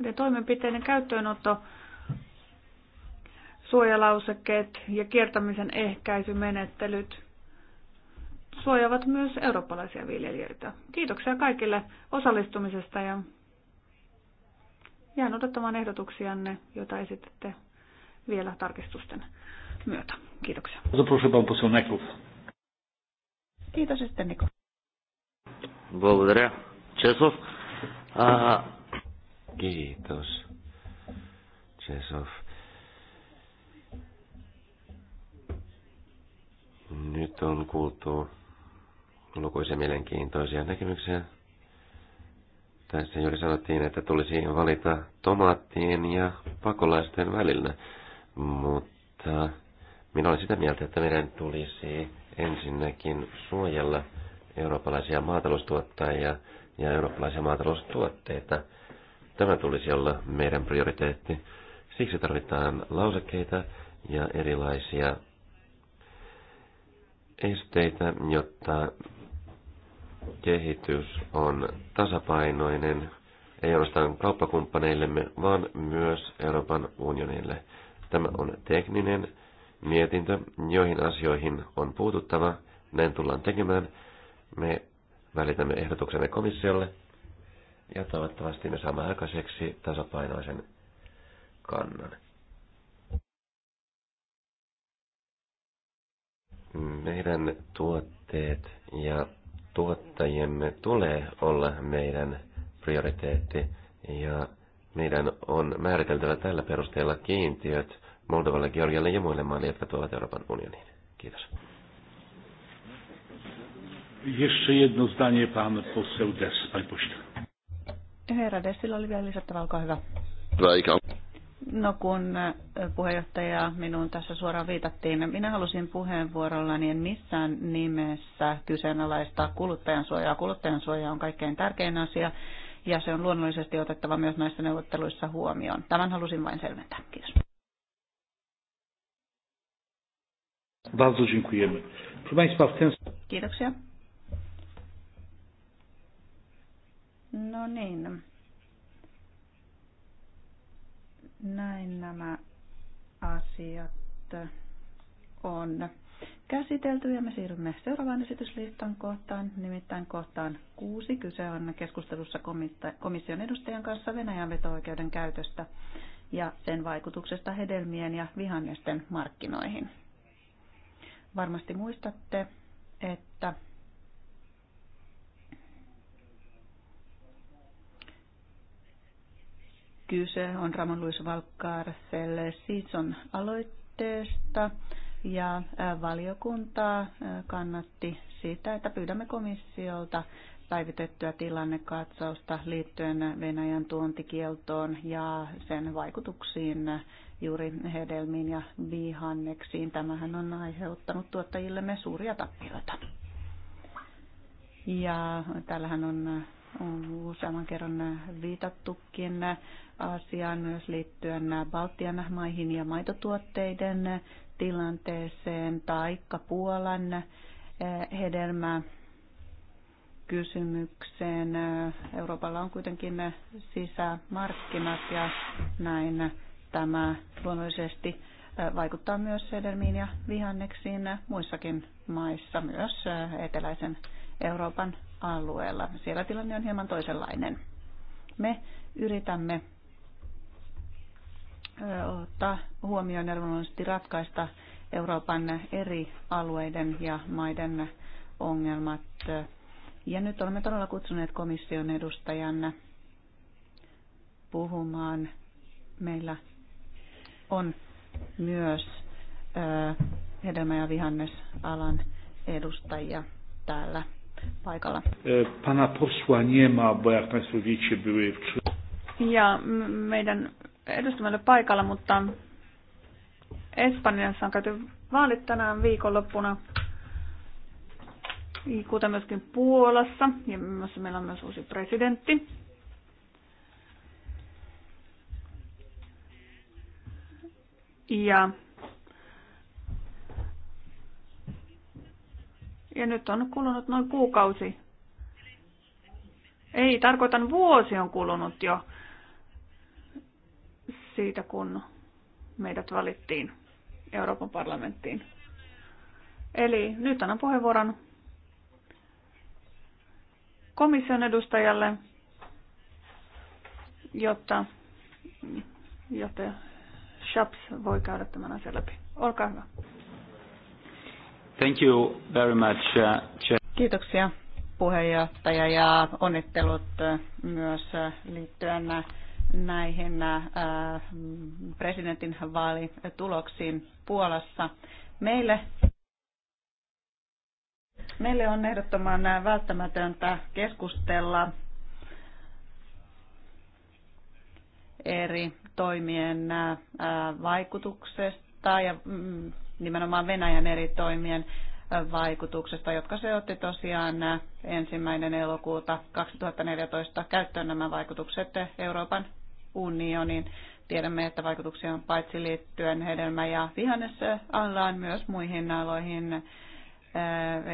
ja toimenpiteiden käyttöönotto, suojalausekkeet ja kiertämisen ehkäisymenettelyt suojaavat myös eurooppalaisia viljelijöitä. Kiitoksia kaikille osallistumisesta ja jään odottamaan ehdotuksianne, joita esitätte vielä tarkistusten myötä. Kiitoksia. Kiitos sitten Niko. Благодаря. Чесов, Kiitos, Jesof. Nyt on kuultu lukuisia mielenkiintoisia näkemyksiä. Tässä juuri sanottiin, että tulisi valita tomaattien ja pakolaisten välillä, mutta minä olen sitä mieltä, että meidän tulisi ensinnäkin suojella eurooppalaisia maataloustuottajia ja eurooppalaisia maataloustuotteita. Tämä tulisi olla meidän prioriteetti. Siksi tarvitaan lausekkeita ja erilaisia esteitä, jotta kehitys on tasapainoinen, ei ainoastaan kauppakumppaneillemme, vaan myös Euroopan unionille. Tämä on tekninen mietintö, joihin asioihin on puututtava. Näin tullaan tekemään. Me välitämme ehdotuksemme komissiolle ja toivottavasti me saamme aikaiseksi tasapainoisen kannan. Meidän tuotteet ja tuottajiemme tulee olla meidän prioriteetti ja meidän on määriteltävä tällä perusteella kiintiöt Moldovalle, Georgialle ja muille maille, jotka tuovat Euroopan unioniin. Kiitos. Jeszcze jedno zdanie pan poseł Des, panie pośle. Herra Dessillä oli vielä lisättävä, olkaa hyvä. No kun eh, puheenjohtaja minun tässä suoraan viitattiin, minä halusin puheenvuorolla niin missään nimessä kyseenalaistaa Kuluttajan suoja on kaikkein tärkein asia ja se on luonnollisesti otettava myös näissä neuvotteluissa huomioon. Tämän halusin vain selventää. Kiitos. Bardzo dziękujemy. Proszę Państwa, w ten... Kiitoksia. No niin. Näin nämä asiat on käsitelty ja me siirrymme seuraavaan esityslistan kohtaan, nimittäin kohtaan kuusi. Kyse on keskustelussa komission edustajan kanssa Venäjän veto-oikeuden käytöstä ja sen vaikutuksesta hedelmien ja vihannesten markkinoihin. Varmasti muistatte, että Kyse on Ramon Luis Valcarcel Sison aloitteesta ja valiokuntaa kannatti sitä, että pyydämme komissiolta päivitettyä tilannekatsausta liittyen Venäjän tuontikieltoon ja sen vaikutuksiin juuri hedelmiin ja vihanneksiin. Tämähän on aiheuttanut tuottajillemme suuria tappioita. Ja tällähän on useamman kerran viitattukin asiaan myös liittyen Baltian maihin ja maitotuotteiden tilanteeseen, taikka Puolan eh, hedelmäkysymykseen kysymykseen. Euroopalla on kuitenkin sisämarkkinat ja näin tämä luonnollisesti eh, vaikuttaa myös hedelmiin ja vihanneksiin muissakin maissa, myös eh, eteläisen Euroopan alueella. Siellä tilanne on hieman toisenlainen. Me yritämme ottaa huomioon ja ratkaista Euroopan eri alueiden ja maiden ongelmat. Ja nyt olemme todella kutsuneet komission edustajan puhumaan. Meillä on myös hedelmä- ja vihannesalan edustajia täällä paikalla. E, pana posła nie ma, bo jak Państwo wiecie, były Ja meidän edustamme paikalla, mutta Espanjassa on käyty vaalit tänään viikonloppuna, kuten myöskin Puolassa, ja myös meillä on myös uusi presidentti. Ja Ja nyt on kulunut noin kuukausi. Ei, tarkoitan vuosi on kulunut jo siitä, kun meidät valittiin Euroopan parlamenttiin. Eli nyt annan puheenvuoron komission edustajalle, jotta, jotta Shaps voi käydä tämän asian läpi. Olkaa hyvä. Thank you very much. Uh, Kiitoksia puheenjohtaja ja onnittelut uh, myös uh, liittyen näihin presidentin vaalituloksiin Puolassa. Meille, meille on ehdottoman välttämätöntä keskustella eri toimien vaikutuksesta ja mm, nimenomaan Venäjän eri toimien vaikutuksesta, jotka se otti tosiaan ensimmäinen elokuuta 2014 käyttöön nämä vaikutukset Euroopan unioniin. Tiedämme, että vaikutuksia on paitsi liittyen hedelmä- ja vihannesalaan myös muihin aloihin,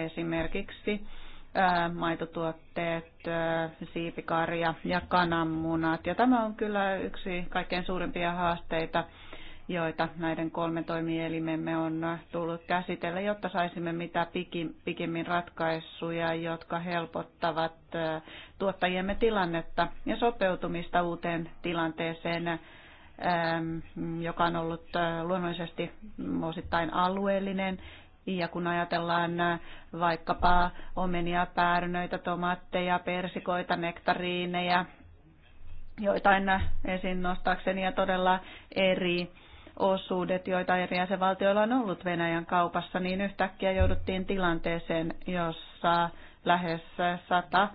esimerkiksi maitotuotteet, siipikarja ja kananmunat. Ja tämä on kyllä yksi kaikkein suurimpia haasteita joita näiden kolmen toimielimemme on tullut käsitellä, jotta saisimme mitä pikimmin ratkaisuja, jotka helpottavat tuottajiemme tilannetta ja sopeutumista uuteen tilanteeseen, joka on ollut luonnollisesti osittain alueellinen. Ja kun ajatellaan vaikkapa omenia, päärynöitä, tomaatteja, persikoita, nektariineja, joitain esiin nostaakseni ja todella eri osuudet, joita eri jäsenvaltioilla on ollut Venäjän kaupassa, niin yhtäkkiä jouduttiin tilanteeseen, jossa lähes 100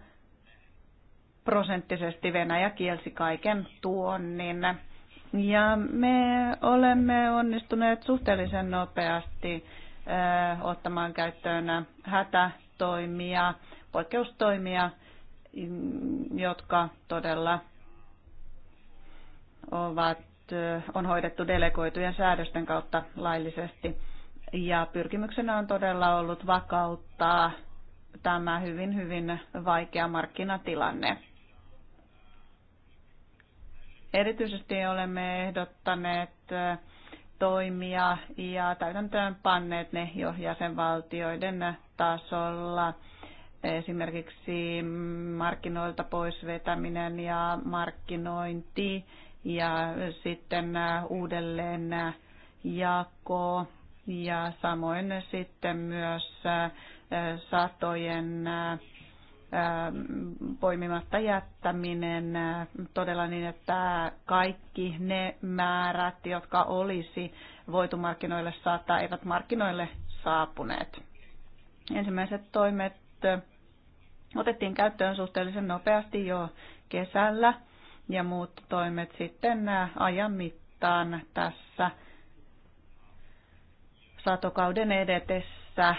prosenttisesti Venäjä kielsi kaiken tuonnin. Ja me olemme onnistuneet suhteellisen nopeasti eh, ottamaan käyttöön hätätoimia, poikkeustoimia, mm, jotka todella ovat on hoidettu delegoitujen säädösten kautta laillisesti. Ja pyrkimyksenä on todella ollut vakauttaa tämä hyvin, hyvin vaikea markkinatilanne. Erityisesti olemme ehdottaneet toimia ja täytäntöön panneet ne jo jäsenvaltioiden tasolla. Esimerkiksi markkinoilta pois vetäminen ja markkinointi ja sitten äh, uudelleen äh, jako ja samoin sitten myös äh, satojen ähm, poimimatta jättäminen todella niin, että kaikki ne määrät, jotka olisi voitu markkinoille saattaa, eivät markkinoille saapuneet. Ensimmäiset toimet otettiin käyttöön suhteellisen nopeasti jo kesällä ja muut toimet sitten ajan mittaan tässä satokauden edetessä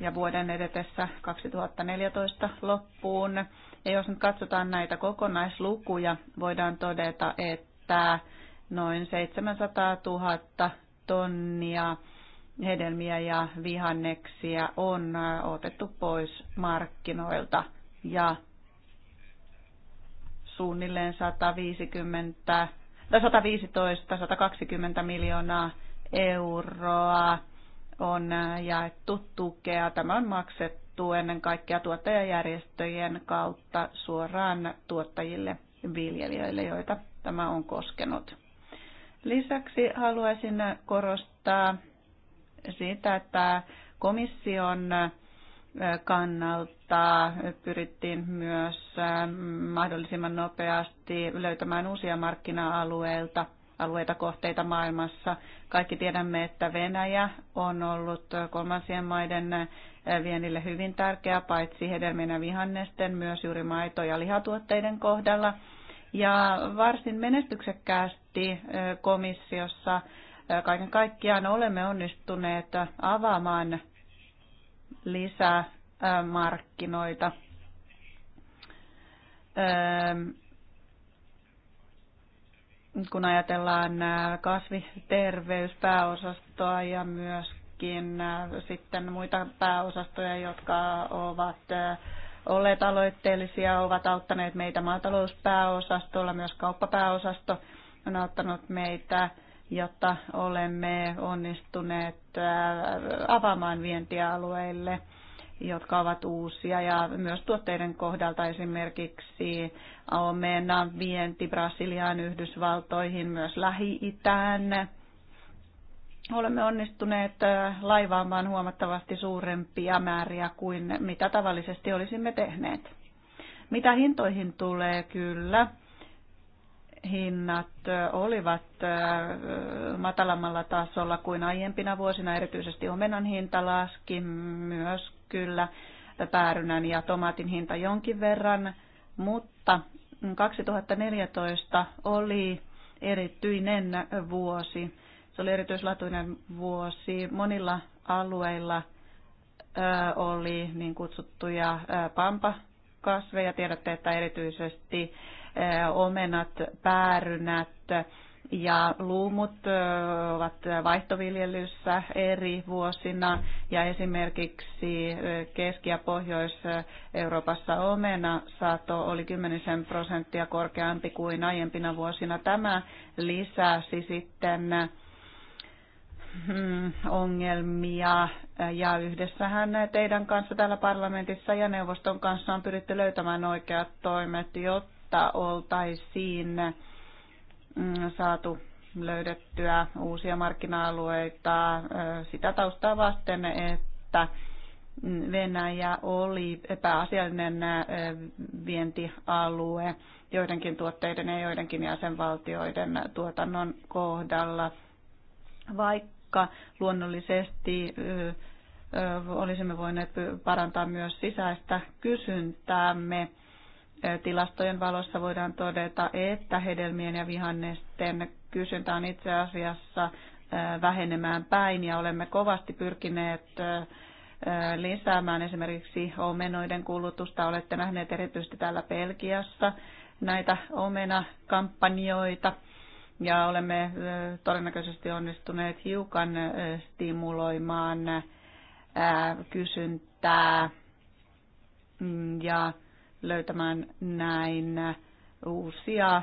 ja vuoden edetessä 2014 loppuun. Ja jos nyt katsotaan näitä kokonaislukuja, voidaan todeta, että noin 700 000 tonnia hedelmiä ja vihanneksia on otettu pois markkinoilta ja suunnilleen 150 tai 115-120 miljoonaa euroa on jaettu tukea. Tämä on maksettu ennen kaikkea tuottajajärjestöjen kautta suoraan tuottajille viljelijöille, joita tämä on koskenut. Lisäksi haluaisin korostaa sitä, että komission kannalta pyrittiin myös mahdollisimman nopeasti löytämään uusia markkina-alueita alueita kohteita maailmassa. Kaikki tiedämme, että Venäjä on ollut kolmansien maiden vienille hyvin tärkeä, paitsi hedelmien ja vihannesten, myös juuri maito- ja lihatuotteiden kohdalla. Ja varsin menestyksekkäästi komissiossa kaiken kaikkiaan olemme onnistuneet avaamaan lisää markkinoita. Kun ajatellaan kasviterveyspääosastoa ja myöskin sitten muita pääosastoja, jotka ovat olleet aloitteellisia, ovat auttaneet meitä maatalouspääosastolla, myös kauppapääosasto on auttanut meitä jotta olemme onnistuneet äh, avaamaan vientialueille jotka ovat uusia ja myös tuotteiden kohdalta esimerkiksi omenan vienti Brasiliaan, Yhdysvaltoihin, myös Lähi-Itään. Olemme onnistuneet äh, laivaamaan huomattavasti suurempia määriä kuin mitä tavallisesti olisimme tehneet. Mitä hintoihin tulee, kyllä hinnat olivat matalammalla tasolla kuin aiempina vuosina. Erityisesti omenan hinta laski myös kyllä päärynän ja tomaatin hinta jonkin verran, mutta 2014 oli erityinen vuosi. Se oli erityislaatuinen vuosi. Monilla alueilla oli niin kutsuttuja pampakasveja. Tiedätte, että erityisesti omenat, päärynät ja luumut ovat vaihtoviljelyssä eri vuosina ja esimerkiksi Keski- ja Pohjois-Euroopassa omenasato oli 10 prosenttia korkeampi kuin aiempina vuosina. Tämä lisäsi sitten hmm, ongelmia ja yhdessähän teidän kanssa täällä parlamentissa ja neuvoston kanssa on pyritty löytämään oikeat toimet, jotta että oltaisiin mm, saatu löydettyä uusia markkina-alueita sitä taustaa vasten, että Venäjä oli epäasiallinen vientialue joidenkin tuotteiden ja joidenkin jäsenvaltioiden tuotannon kohdalla, vaikka luonnollisesti olisimme voineet parantaa myös sisäistä kysyntäämme tilastojen valossa voidaan todeta, että hedelmien ja vihannesten kysyntä on itse asiassa vähenemään päin ja olemme kovasti pyrkineet lisäämään esimerkiksi omenoiden kulutusta. Olette nähneet erityisesti täällä Belgiassa näitä omenakampanjoita ja olemme todennäköisesti onnistuneet hiukan stimuloimaan kysyntää mm, ja löytämään näin äh, uusia äh,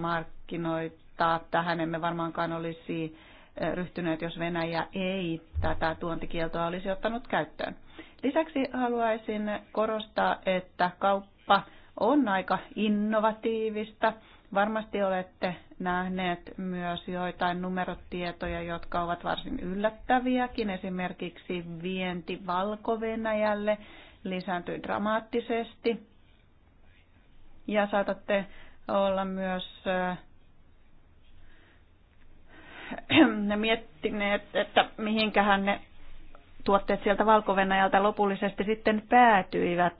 markkinoita. Tähän emme varmaankaan olisi äh, ryhtyneet, jos Venäjä ei tätä tuontikieltoa olisi ottanut käyttöön. Lisäksi haluaisin korostaa, että kauppa on aika innovatiivista. Varmasti olette nähneet myös joitain numerotietoja, jotka ovat varsin yllättäviäkin, esimerkiksi vienti Valko-Venäjälle lisääntyi dramaattisesti. Ja saatatte olla myös ne äh, miettineet, että mihinkähän ne tuotteet sieltä valko lopullisesti sitten päätyivät.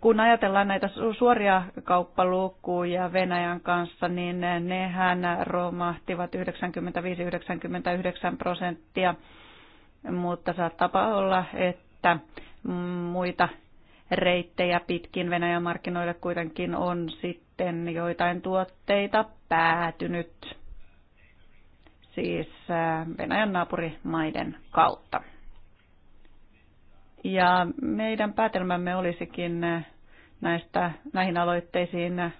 Kun ajatellaan näitä suoria kauppaluukkuja Venäjän kanssa, niin nehän romahtivat 95-99 prosenttia, mutta saattaa olla, että Muita reittejä pitkin Venäjän markkinoille kuitenkin on sitten joitain tuotteita päätynyt siis äh, Venäjän naapurimaiden kautta. Ja meidän päätelmämme olisikin äh, näistä, näihin aloitteisiin äh,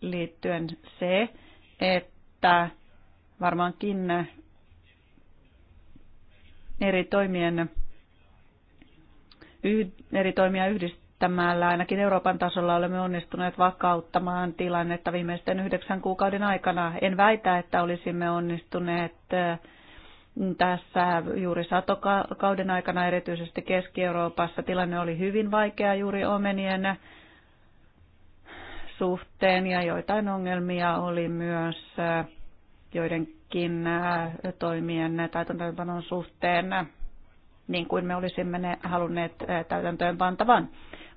liittyen se, että varmaankin eri toimien eri toimia yhdistämällä ainakin Euroopan tasolla olemme onnistuneet vakauttamaan tilannetta viimeisten yhdeksän kuukauden aikana. En väitä, että olisimme onnistuneet eh, tässä juuri satokauden aikana, erityisesti Keski-Euroopassa. Tilanne oli hyvin vaikea juuri omenien suhteen ja joitain ongelmia oli myös eh, joidenkin eh, toimien tai suhteen niin kuin me olisimme ne halunneet eh, täytäntöön pantavan.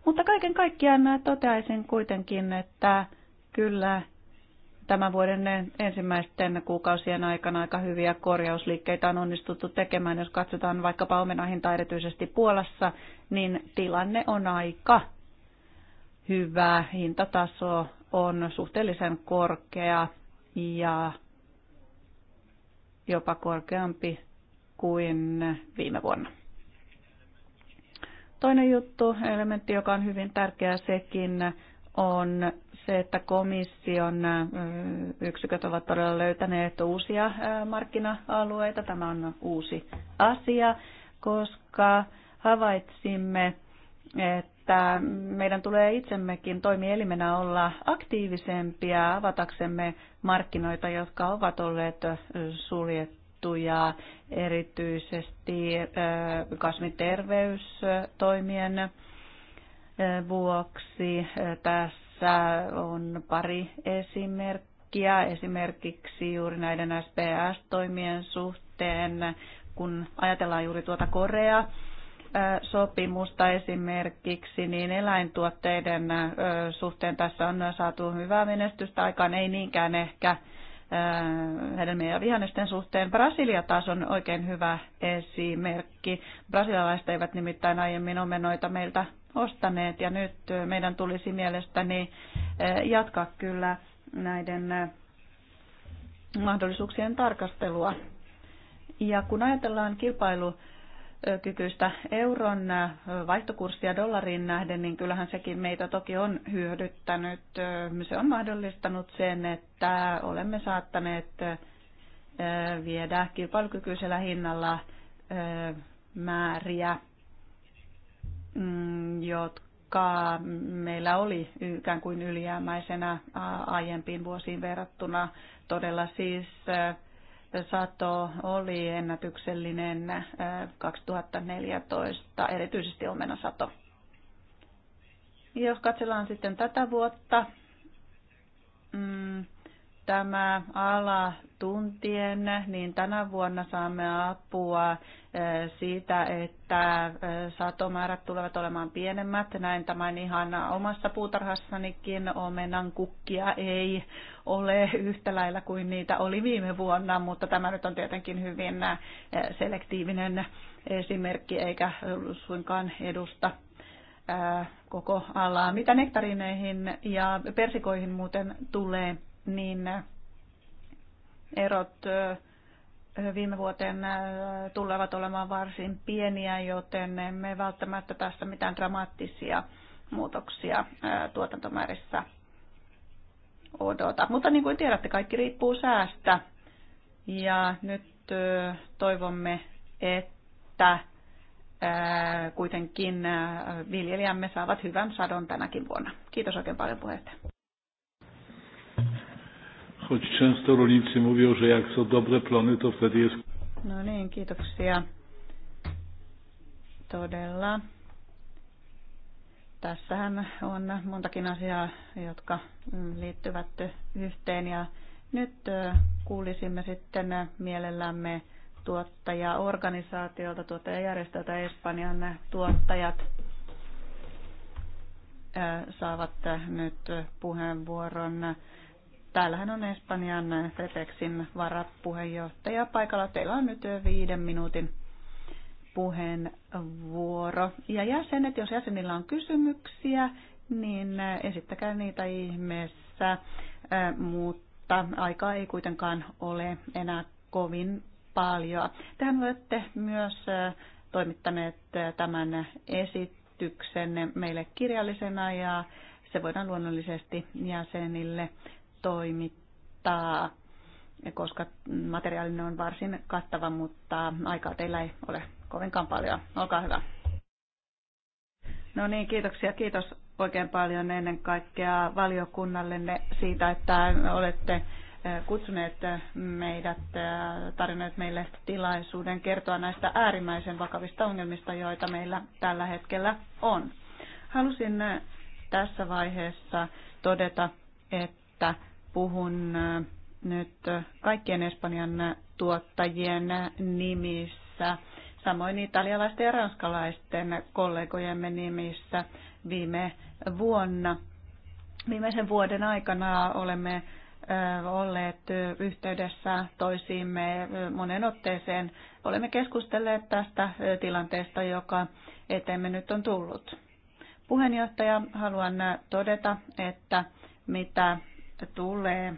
Mutta kaiken kaikkiaan mä toteaisin kuitenkin, että kyllä tämän vuoden ensimmäisten kuukausien aikana aika hyviä korjausliikkeitä on onnistuttu tekemään. Jos katsotaan vaikkapa omenahinta erityisesti Puolassa, niin tilanne on aika hyvä. Hintataso on suhteellisen korkea ja jopa korkeampi kuin viime vuonna. Toinen juttu, elementti, joka on hyvin tärkeä sekin, on se, että komission yksiköt ovat todella löytäneet uusia markkina-alueita. Tämä on uusi asia, koska havaitsimme, että meidän tulee itsemmekin toimielimenä olla aktiivisempia avataksemme markkinoita, jotka ovat olleet suljettuja juttuja, erityisesti kasviterveystoimien vuoksi. Tässä on pari esimerkkiä, esimerkiksi juuri näiden SPS-toimien suhteen, kun ajatellaan juuri tuota Korea sopimusta esimerkiksi, niin eläintuotteiden suhteen tässä on saatu hyvää menestystä aikaan, ei niinkään ehkä hedelmien ja vihannesten suhteen. Brasilia taas on oikein hyvä esimerkki. Brasilialaiset eivät nimittäin aiemmin omenoita meiltä ostaneet ja nyt meidän tulisi mielestäni jatkaa kyllä näiden mahdollisuuksien tarkastelua. Ja kun ajatellaan kilpailu kykyistä euron äh, vaihtokurssia dollariin nähden, niin kyllähän sekin meitä toki on hyödyttänyt. Äh, se on mahdollistanut sen, että olemme saattaneet äh, viedä kilpailukykyisellä hinnalla määriä, mm, jotka meillä oli ikään kuin ylijäämäisenä aiempiin vuosiin verrattuna. Todella siis sato oli ennätyksellinen 2014, äh, erityisesti omenasato. Jos katsellaan sitten tätä vuotta, mm, tämä ala tuntien, niin tänä vuonna saamme apua eh, siitä, että eh, satomäärät tulevat olemaan pienemmät. Näin tämän ihan omassa puutarhassanikin omenan kukkia ei ole yhtä lailla kuin niitä oli viime vuonna, mutta tämä nyt on tietenkin hyvin eh, selektiivinen esimerkki eikä suinkaan edusta koko alaa. Mitä nektarineihin ja persikoihin muuten tulee, niin erot viime vuoteen tulevat olemaan varsin pieniä, joten emme välttämättä tässä mitään dramaattisia muutoksia tuotantomäärissä odota. Mutta niin kuin tiedätte, kaikki riippuu säästä. Ja nyt toivomme, että kuitenkin viljelijämme saavat hyvän sadon tänäkin vuonna. Kiitos oikein paljon puheenjohtaja. Choć często rolnicy mówią, że jak są dobre plony, to wtedy jest... No niin, kiitoksia. Todella. Tässähän on montakin asiaa, jotka liittyvät yhteen ja nyt kuulisimme sitten mielellämme tuottajaorganisaatiolta, tuottajajärjestöltä Espanjan tuottajat saavat nyt puheenvuoron. Täällähän on Espanjan FETEXin varapuheenjohtaja paikalla. Teillä on nyt viiden minuutin puheenvuoro. Ja jäsenet, jos jäsenillä on kysymyksiä, niin esittäkää niitä ihmeessä, mutta aikaa ei kuitenkaan ole enää kovin paljon. Tähän olette myös toimittaneet tämän esityksen meille kirjallisena ja se voidaan luonnollisesti jäsenille toimittaa, koska materiaalinen on varsin kattava, mutta aikaa teillä ei ole kovinkaan paljon. Olkaa hyvä. No niin, kiitoksia. Kiitos oikein paljon ennen kaikkea valiokunnallenne siitä, että olette eh, kutsuneet meidät, eh, tarjonneet meille tilaisuuden kertoa näistä äärimmäisen vakavista ongelmista, joita meillä tällä hetkellä on. Halusin eh, tässä vaiheessa todeta, että että puhun äh, nyt kaikkien Espanjan tuottajien nimissä, samoin italialaisten ja ranskalaisten kollegojemme nimissä viime vuonna. Viimeisen vuoden aikana olemme äh, olleet yhteydessä toisiimme äh, monen otteeseen. Olemme keskustelleet tästä tilanteesta, joka eteemme nyt on tullut. Puheenjohtaja, haluan todeta, että mitä tulee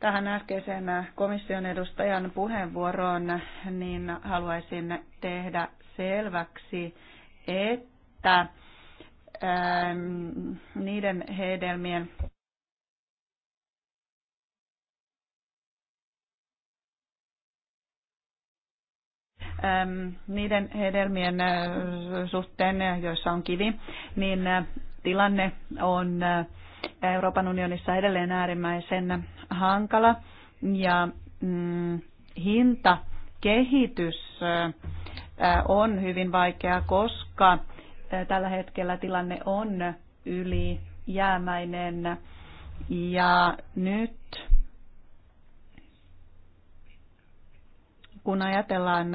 tähän äskeiseen komission edustajan puheenvuoroon, niin haluaisin tehdä selväksi, että ähm, niiden hedelmien ähm, niiden hedelmien äh, suhteen, joissa on kivi, niin äh, tilanne on äh, Euroopan unionissa edelleen äärimmäisen hankala ja mm, hintakehitys on hyvin vaikea, koska tällä hetkellä tilanne on ylijäämäinen ja nyt kun ajatellaan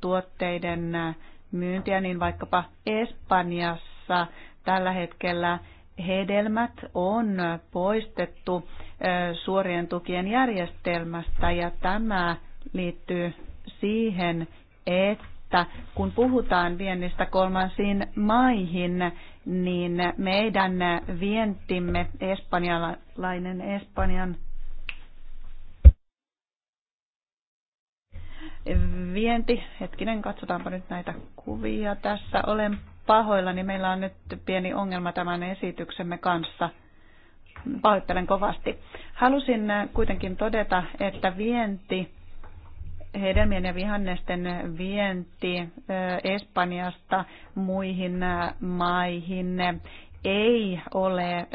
tuotteiden myyntiä, niin vaikkapa Espanjassa tällä hetkellä hedelmät on poistettu suorien tukien järjestelmästä ja tämä liittyy siihen, että kun puhutaan viennistä kolmansiin maihin, niin meidän vientimme espanjalainen Espanjan vienti, hetkinen, katsotaanpa nyt näitä kuvia tässä. Olen pahoilla, niin meillä on nyt pieni ongelma tämän esityksemme kanssa. Pahoittelen kovasti. Halusin kuitenkin todeta, että vienti, hedelmien ja vihannesten vienti Espanjasta muihin maihin ei ole,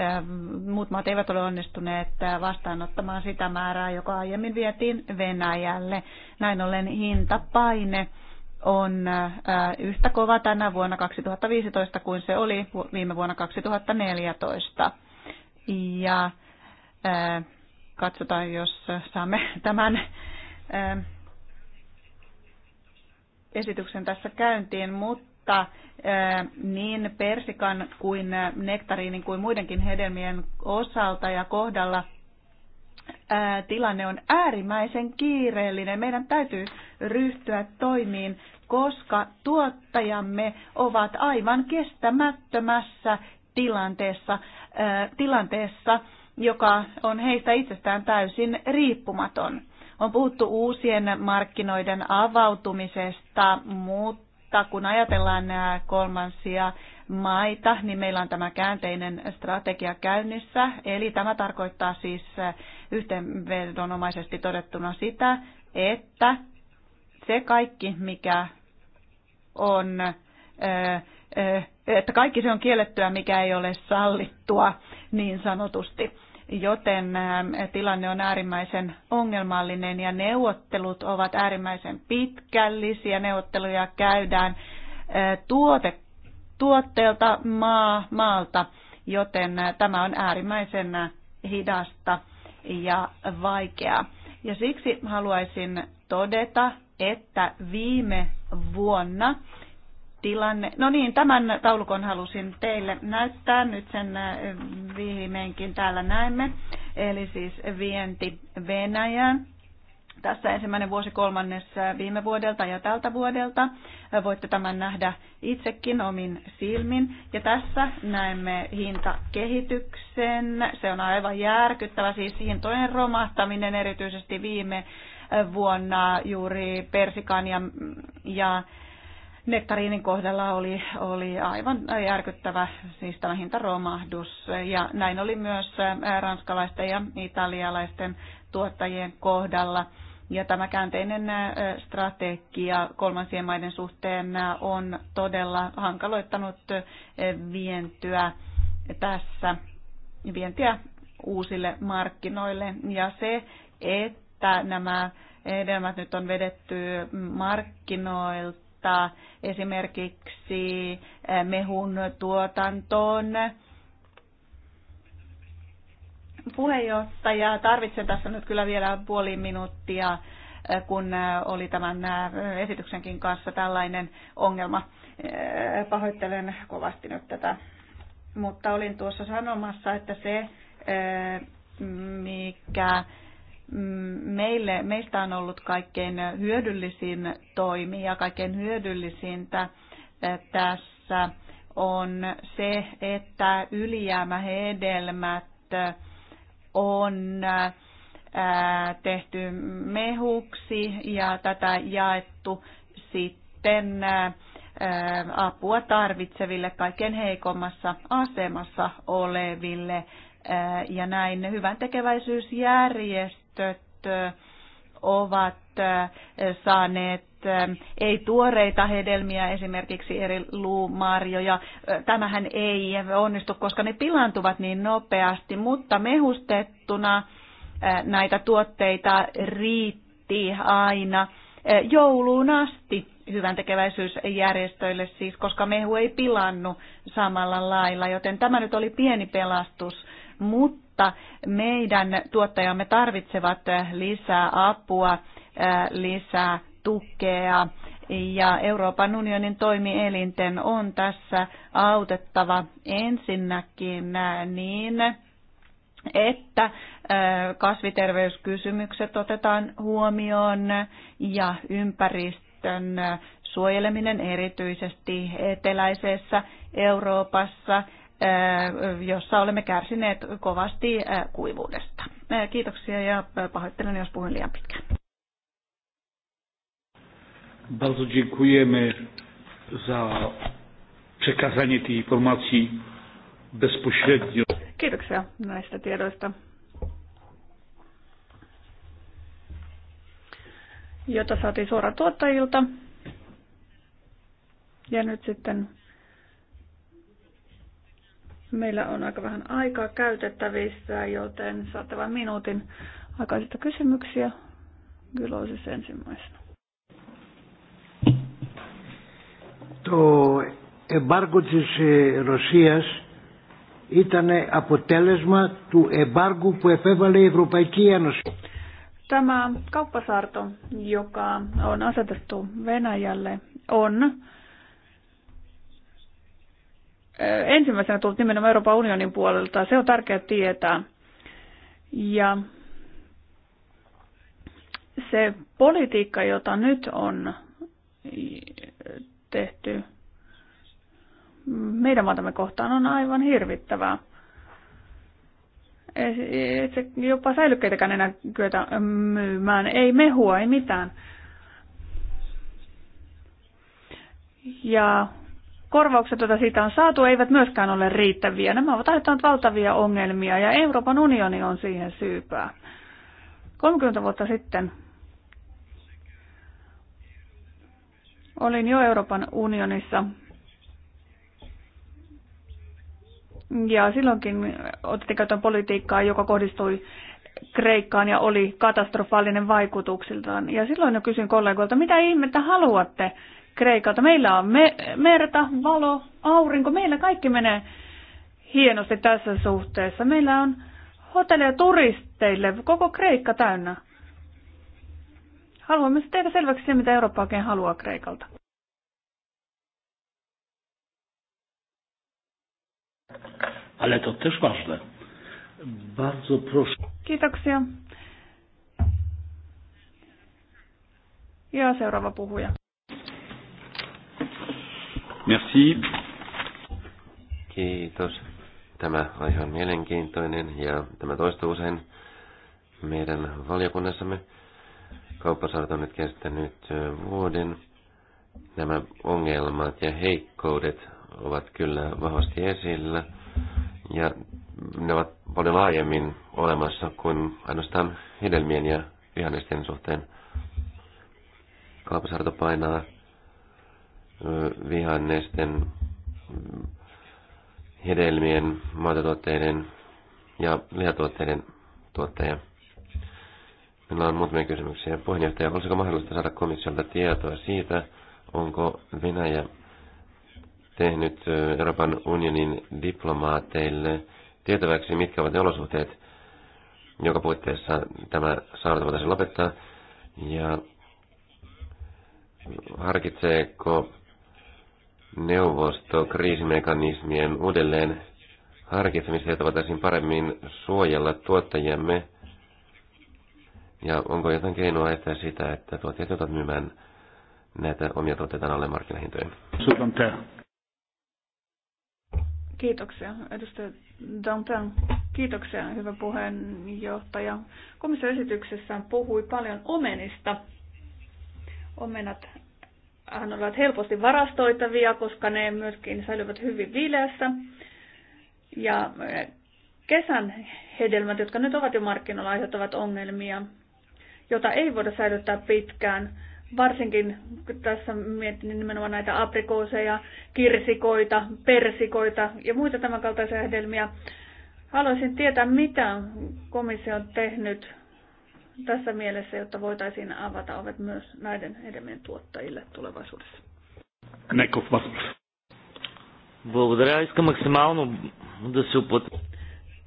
muut maat eivät ole onnistuneet vastaanottamaan sitä määrää, joka aiemmin vietiin Venäjälle. Näin ollen hintapaine on äh, yhtä kova tänä vuonna 2015 kuin se oli viime vuonna 2014. Ja äh, katsotaan, jos saamme tämän äh, esityksen tässä käyntiin, mutta niin persikan kuin nektariinin kuin muidenkin hedelmien osalta ja kohdalla tilanne on äärimmäisen kiireellinen. Meidän täytyy ryhtyä toimiin koska tuottajamme ovat aivan kestämättömässä tilanteessa, äh, tilanteessa joka on heistä itsestään täysin riippumaton. On puhuttu uusien markkinoiden avautumisesta, mutta kun ajatellaan nämä äh, kolmansia maita, niin meillä on tämä käänteinen strategia käynnissä. Eli tämä tarkoittaa siis äh, yhteenvedonomaisesti todettuna sitä, että se kaikki, mikä on, että kaikki se on kiellettyä, mikä ei ole sallittua niin sanotusti. Joten tilanne on äärimmäisen ongelmallinen ja neuvottelut ovat äärimmäisen pitkällisiä. Neuvotteluja käydään tuote, tuotteelta maa, maalta, joten tämä on äärimmäisen hidasta ja vaikeaa. Ja siksi haluaisin todeta, että viime vuonna tilanne. No niin, tämän taulukon halusin teille näyttää. Nyt sen äh, viimeinkin täällä näemme. Eli siis vienti Venäjään. Tässä ensimmäinen vuosi kolmannes äh, viime vuodelta ja tältä vuodelta. Äh, voitte tämän nähdä itsekin omin silmin. Ja tässä näemme hintakehityksen. Se on aivan järkyttävä, siis hintojen romahtaminen erityisesti viime vuonna juuri persikan ja, ja nektariinin kohdalla oli, oli aivan järkyttävä siis tämä hintaromahdus. Ja näin oli myös ranskalaisten ja italialaisten tuottajien kohdalla. Ja tämä käänteinen strategia kolmansien maiden suhteen on todella hankaloittanut vientyä tässä vientiä uusille markkinoille. Ja se, että että nämä edelmät nyt on vedetty markkinoilta esimerkiksi eh, mehun tuotantoon. Puheenjohtaja, tarvitsen tässä nyt kyllä vielä puoli minuuttia, eh, kun eh, oli tämän esityksenkin kanssa tällainen ongelma. Pahoittelen kovasti nyt tätä, mutta olin tuossa sanomassa, että se, mikä meille, meistä on ollut kaikkein hyödyllisin toimi ja kaikkein hyödyllisintä eh, tässä on se, että ylijäämähedelmät eh, on eh, tehty mehuksi ja tätä jaettu sitten apua tarvitseville, kaikkein heikommassa asemassa oleville. Ja näin hyvän tekeväisyysjärjestö tytöt ovat saaneet ei tuoreita hedelmiä, esimerkiksi eri luumarjoja. Tämähän ei onnistu, koska ne pilantuvat niin nopeasti, mutta mehustettuna näitä tuotteita riitti aina jouluun asti hyvän tekeväisyysjärjestöille siis, koska mehu ei pilannu samalla lailla, joten tämä nyt oli pieni pelastus, mutta mutta meidän tuottajamme tarvitsevat lisää apua, lisää tukea ja Euroopan unionin toimielinten on tässä autettava ensinnäkin niin, että kasviterveyskysymykset otetaan huomioon ja ympäristön suojeleminen erityisesti eteläisessä Euroopassa – Eh, jossa olemme kärsineet kovasti eh, kuivuudesta. Eh, kiitoksia ja pahoittelen, jos puhuin liian pitkään. Bardzo dziękujemy za przekazanie tej informacji bezpośrednio. Kiitoksia näistä tiedoista. jota saatiin suoraan tuottajilta. Ja nyt sitten Meillä on aika vähän aikaa käytettävissä, joten saatte vain minuutin aikaisista kysymyksiä. siis ensimmäisenä. Το εμπάργκο της Ρωσίας ήταν αποτέλεσμα του εμπάργου που επέβαλε η Ευρωπαϊκή Ένωση. Tämä kauppasaarto, joka on asetettu Venäjälle, on ensimmäisenä tullut nimenomaan Euroopan unionin puolelta. Se on tärkeää tietää. Ja se politiikka, jota nyt on tehty meidän maatamme kohtaan, on aivan hirvittävää. Ei se jopa säilykkeitäkään enää kyetä myymään. Ei mehua, ei mitään. Ja korvaukset, joita siitä on saatu, eivät myöskään ole riittäviä. Nämä ovat aiheuttaneet valtavia ongelmia ja Euroopan unioni on siihen syypää. 30 vuotta sitten olin jo Euroopan unionissa ja silloinkin otettiin käyttöön politiikkaa, joka kohdistui Kreikkaan ja oli katastrofaalinen vaikutuksiltaan. Ja silloin jo kysyin kollegoilta, mitä ihmettä haluatte Kreikalta. Meillä on me- merta, valo, aurinko. Meillä kaikki menee hienosti tässä suhteessa. Meillä on hotelleja turisteille, koko Kreikka täynnä. Haluamme tehdä selväksi se, mitä Eurooppa oikein haluaa Kreikalta. Kiitoksia. Ja seuraava puhuja. Merci. Kiitos. Tämä aihe on mielenkiintoinen ja tämä toistuu usein meidän valiokunnassamme. Kauppasarta on nyt kestänyt vuoden. Nämä ongelmat ja heikkoudet ovat kyllä vahvasti esillä ja ne ovat paljon laajemmin olemassa kuin ainoastaan hedelmien ja vihannesten suhteen. Kaapasarto painaa vihannesten, hedelmien, maatotuotteiden ja lihatuotteiden tuottaja. Meillä on muutamia kysymyksiä. Puheenjohtaja, olisiko mahdollista saada komissiolta tietoa siitä, onko Venäjä tehnyt Euroopan unionin diplomaateille tietäväksi, mitkä ovat ne olosuhteet, joka puitteissa tämä saarto voitaisiin lopettaa, ja harkitseeko neuvosto kriisimekanismien uudelleen harkitsemista, jotta voitaisiin paremmin suojella tuottajiamme? Ja onko jotain keinoa että sitä, että tuottajat joutuvat myymään näitä omia tuotteitaan alle markkinahintojen? Kiitoksia, edustaja Dantan. Kiitoksia, hyvä puheenjohtaja. Komission esityksessään puhui paljon omenista. Omenat hän ovat helposti varastoitavia, koska ne myöskin säilyvät hyvin viileässä. Ja eh, kesän hedelmät, jotka nyt ovat jo markkinoilla, aiheuttavat ongelmia, jota ei voida säilyttää pitkään. Varsinkin kun tässä mietin nimenomaan näitä aprikooseja, kirsikoita, persikoita ja muita tämänkaltaisia hedelmiä. Haluaisin tietää, mitä komissio on tehnyt tässä mielessä, jotta voitaisiin avata ovet myös näiden hedelmien tuottajille tulevaisuudessa. Неков Благодаря.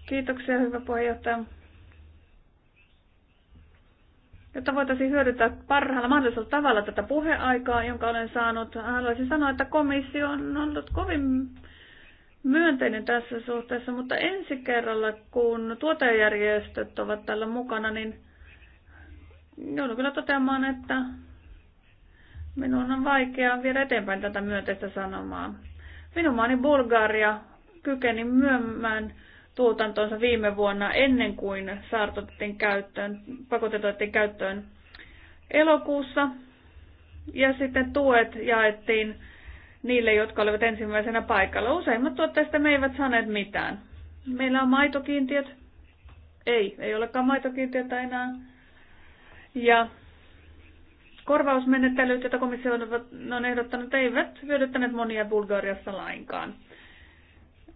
Kiitoksia, hyvä puheenjohtaja. Jotta voitaisiin hyödyntää parhaalla mahdollisella tavalla tätä puheaikaa, jonka olen saanut, haluaisin sanoa, että komissio on ollut kovin myönteinen tässä suhteessa, mutta ensi kerralla, kun tuotejärjestöt ovat täällä mukana, niin joudun kyllä toteamaan, että minun on vaikea viedä eteenpäin tätä myönteistä sanomaa. Minun maani Bulgaria kykeni myömmään tuotantonsa viime vuonna ennen kuin saartotettiin käyttöön, pakotetettiin käyttöön elokuussa. Ja sitten tuet jaettiin niille, jotka olivat ensimmäisenä paikalla. Useimmat tuotteista me eivät saaneet mitään. Meillä on maitokiintiöt. Ei, ei olekaan maitokiintiötä enää ja korvausmenettelyt, joita komissio on ehdottanut, eivät hyödyttäneet monia Bulgariassa lainkaan.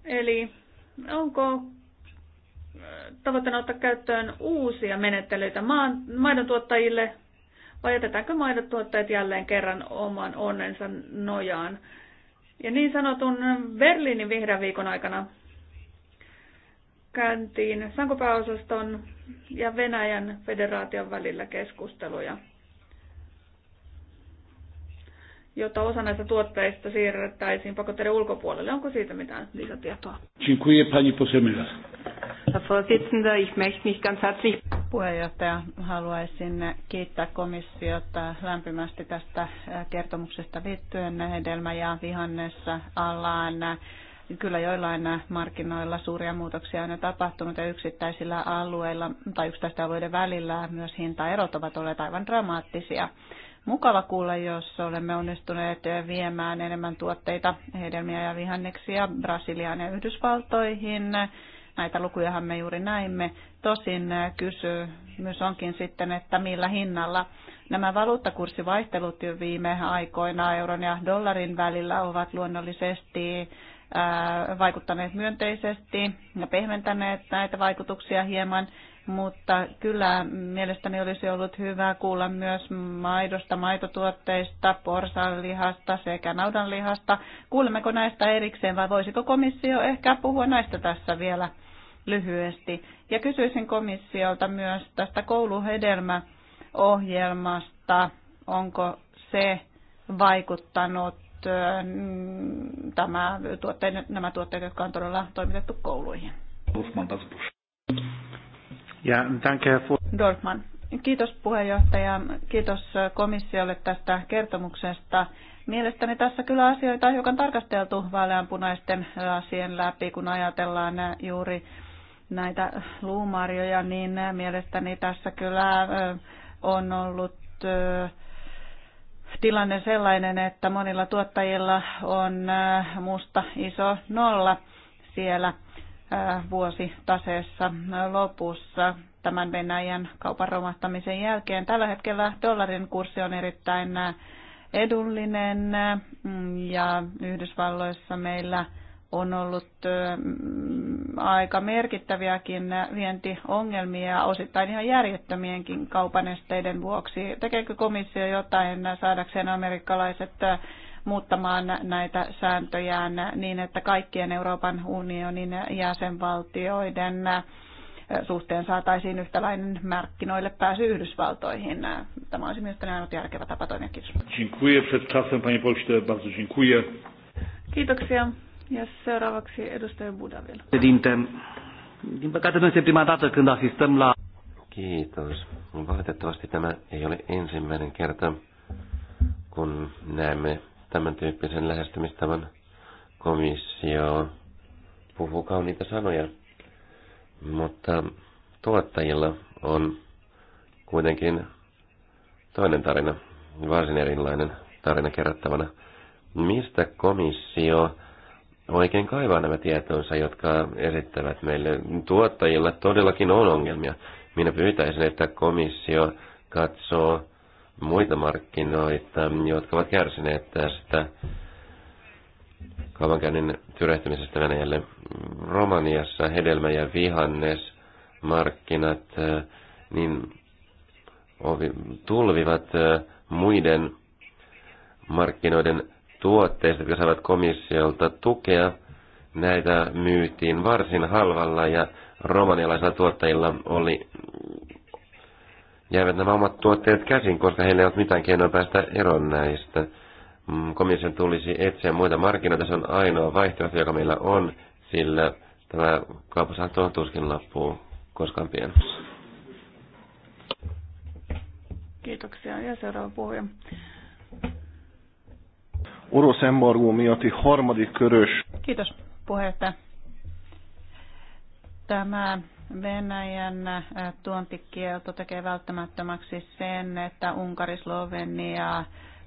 Eli onko äh, tavoitteena ottaa käyttöön uusia menettelyitä maidon tuottajille vai jätetäänkö maidon tuottajat jälleen kerran oman onnensa nojaan? Ja niin sanotun Berliinin vihreän viikon aikana käyntiin sankopääosaston ja Venäjän federaation välillä keskusteluja, jotta osa näistä tuotteista siirrettäisiin pakotteiden ulkopuolelle. Onko siitä mitään lisätietoa? Dziękuję pani Posemila. Herr Vorsitzender, ich möchte mich ganz herzlich puheenjohtaja, haluaisin kiittää komissiota lämpimästi tästä äh, kertomuksesta liittyen hedelmä- ja vihannessa alaan kyllä joillain markkinoilla suuria muutoksia on jo tapahtunut ja yksittäisillä alueilla tai yksittäisten alueiden välillä myös hintaerot ovat olleet aivan dramaattisia. Mukava kuulla, jos olemme onnistuneet viemään enemmän tuotteita, hedelmiä ja vihanneksia Brasiliaan ja Yhdysvaltoihin. Näitä lukujahan me juuri näimme. Tosin kysymys onkin sitten, että millä hinnalla nämä valuuttakurssivaihtelut jo viime aikoina euron ja dollarin välillä ovat luonnollisesti vaikuttaneet myönteisesti ja pehmentäneet näitä vaikutuksia hieman, mutta kyllä mielestäni olisi ollut hyvä kuulla myös maidosta, maitotuotteista, porsanlihasta sekä naudanlihasta. Kuulemmeko näistä erikseen vai voisiko komissio ehkä puhua näistä tässä vielä lyhyesti? Ja kysyisin komissiolta myös tästä kouluhedelmäohjelmasta, onko se vaikuttanut tämä tuotteet nämä tuotteet, jotka on todella toimitettu kouluihin. Ja, danke Dorfman. Kiitos puheenjohtaja, kiitos komissiolle tästä kertomuksesta. Mielestäni tässä kyllä asioita on hiukan tarkasteltu vaaleanpunaisten asien läpi, kun ajatellaan juuri näitä luumarjoja, niin mielestäni tässä kyllä on ollut tilanne sellainen, että monilla tuottajilla on äh, musta iso nolla siellä äh, vuositaseessa lopussa tämän Venäjän kaupan romahtamisen jälkeen. Tällä hetkellä dollarin kurssi on erittäin äh, edullinen ja Yhdysvalloissa meillä – on ollut mm, aika merkittäviäkin vientiongelmia osittain ihan järjettömienkin kaupanesteiden vuoksi. Tekeekö komissio jotain saadakseen amerikkalaiset muuttamaan näitä sääntöjään niin, että kaikkien Euroopan unionin jäsenvaltioiden suhteen saataisiin yhtäläinen markkinoille pääsy Yhdysvaltoihin. Tämä olisi mielestäni ainut järkevä tapa toimia. Kiitos. Dziękuję. Przed czasem, panie bardzo dziękuję. Kiitoksia. Ja seuraavaksi edustaja Buda vielä. Edinte, din păcate la... Kiitos. Valitettavasti tämä ei ole ensimmäinen kerta, kun näemme tämän tyyppisen lähestymistavan komissio puhuu kauniita sanoja, mutta tuottajilla on kuitenkin toinen tarina, varsin erilainen tarina kerrottavana. Mistä komissio oikein kaivaa nämä tietonsa, jotka esittävät meille. Tuottajilla todellakin on ongelmia. Minä pyytäisin, että komissio katsoo muita markkinoita, jotka ovat kärsineet tästä kaupankäynnin tyrehtymisestä Venäjälle. Romaniassa hedelmä- ja vihannesmarkkinat niin tulvivat eh, muiden markkinoiden tuotteista, jotka saivat komissiolta tukea, näitä myytiin varsin halvalla ja romanialaisilla tuottajilla oli, jäivät nämä omat tuotteet käsin, koska heillä ei ollut mitään keinoa päästä eroon näistä. Mm, komission tulisi etsiä muita markkinoita, se on ainoa vaihtoehto, joka meillä on, sillä tämä on tuskin loppuu koskaan pian. Kiitoksia ja seuraava puhuja orosz embargó miatti harmadik körös... Kiitos puheenjohtaja. Tämä Venäjän tuontikielto tekee välttämättömäksi sen, että Unkari, Slovenia,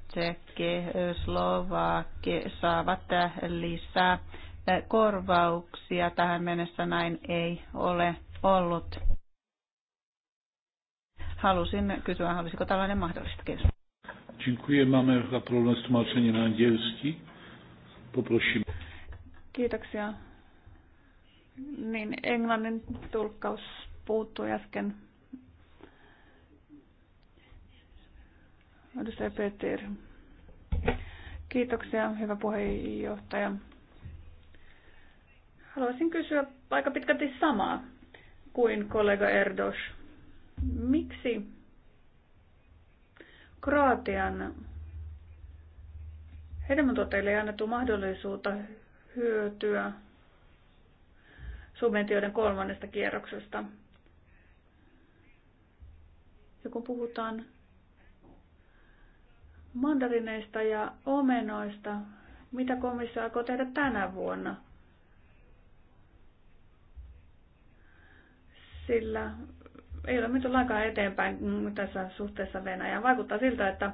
Tsekki, Slovakki saavat lisää korvauksia. Tähän mennessä näin ei ole ollut. Halusin kysyä, olisiko tällainen mahdollista. Kiitos. Dziękuję. Mamy chyba problem z tłumaczeniem na angielski. Poprosimy. Kiitoksia. Niin, englannin tulkkaus puuttui äsken. Edustaja Peter. Kiitoksia, hyvä puheenjohtaja. Haluaisin kysyä aika pitkälti samaa kuin kollega Erdos. Miksi Kroatian hedelmätuotteille ei annettu mahdollisuutta hyötyä subventioiden kolmannesta kierroksesta. Ja kun puhutaan mandarineista ja omenoista, mitä komissio aikoo tehdä tänä vuonna? Sillä ei ole mennyt lainkaan eteenpäin mm, tässä suhteessa Venäjään. Vaikuttaa siltä, että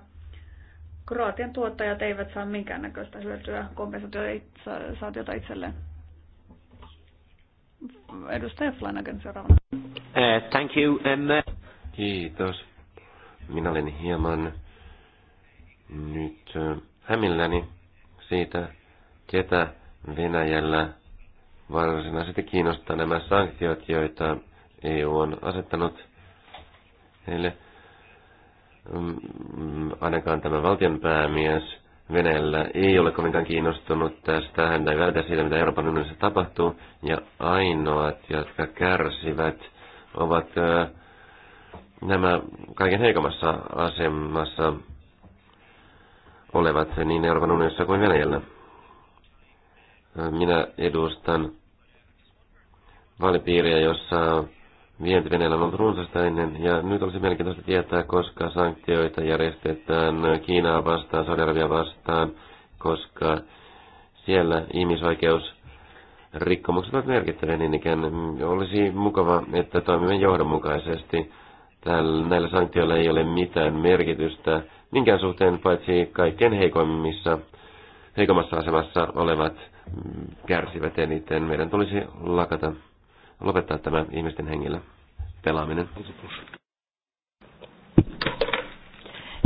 Kroatian tuottajat eivät saa minkäännäköistä hyötyä kompensaatiota itselleen. Edustaja Flanagan seuraavana. Uh, thank you, Emma. Kiitos. Minä olen hieman nyt eh, hämilläni siitä, ketä Venäjällä varsinaisesti kiinnostaa nämä sanktiot, joita EU on asettanut heille. Mm, ainakaan tämä valtionpäämies Venäjällä ei ole kovinkaan kiinnostunut tästä. Hän ei välitä siitä, mitä Euroopan unionissa tapahtuu. Ja ainoat, jotka kärsivät, ovat nämä kaiken heikommassa asemassa olevat niin Euroopan unionissa kuin Venäjällä. Minä edustan vaalipiiriä, jossa vienti Venäjällä on ollut runsasta ennen, ja nyt olisi mielenkiintoista tietää, koska sanktioita järjestetään Kiinaa vastaan, Saudi-Arabia vastaan, koska siellä ihmisoikeus rikkomukset ovat merkittäviä, niin ikään olisi mukava, että toimimme johdonmukaisesti. Täällä, näillä sanktioilla ei ole mitään merkitystä minkään suhteen, paitsi kaikkein heikoimmissa, heikommassa asemassa olevat kärsivät eniten. Meidän tulisi lakata lopettaa tämä ihmisten hengillä pelaaminen.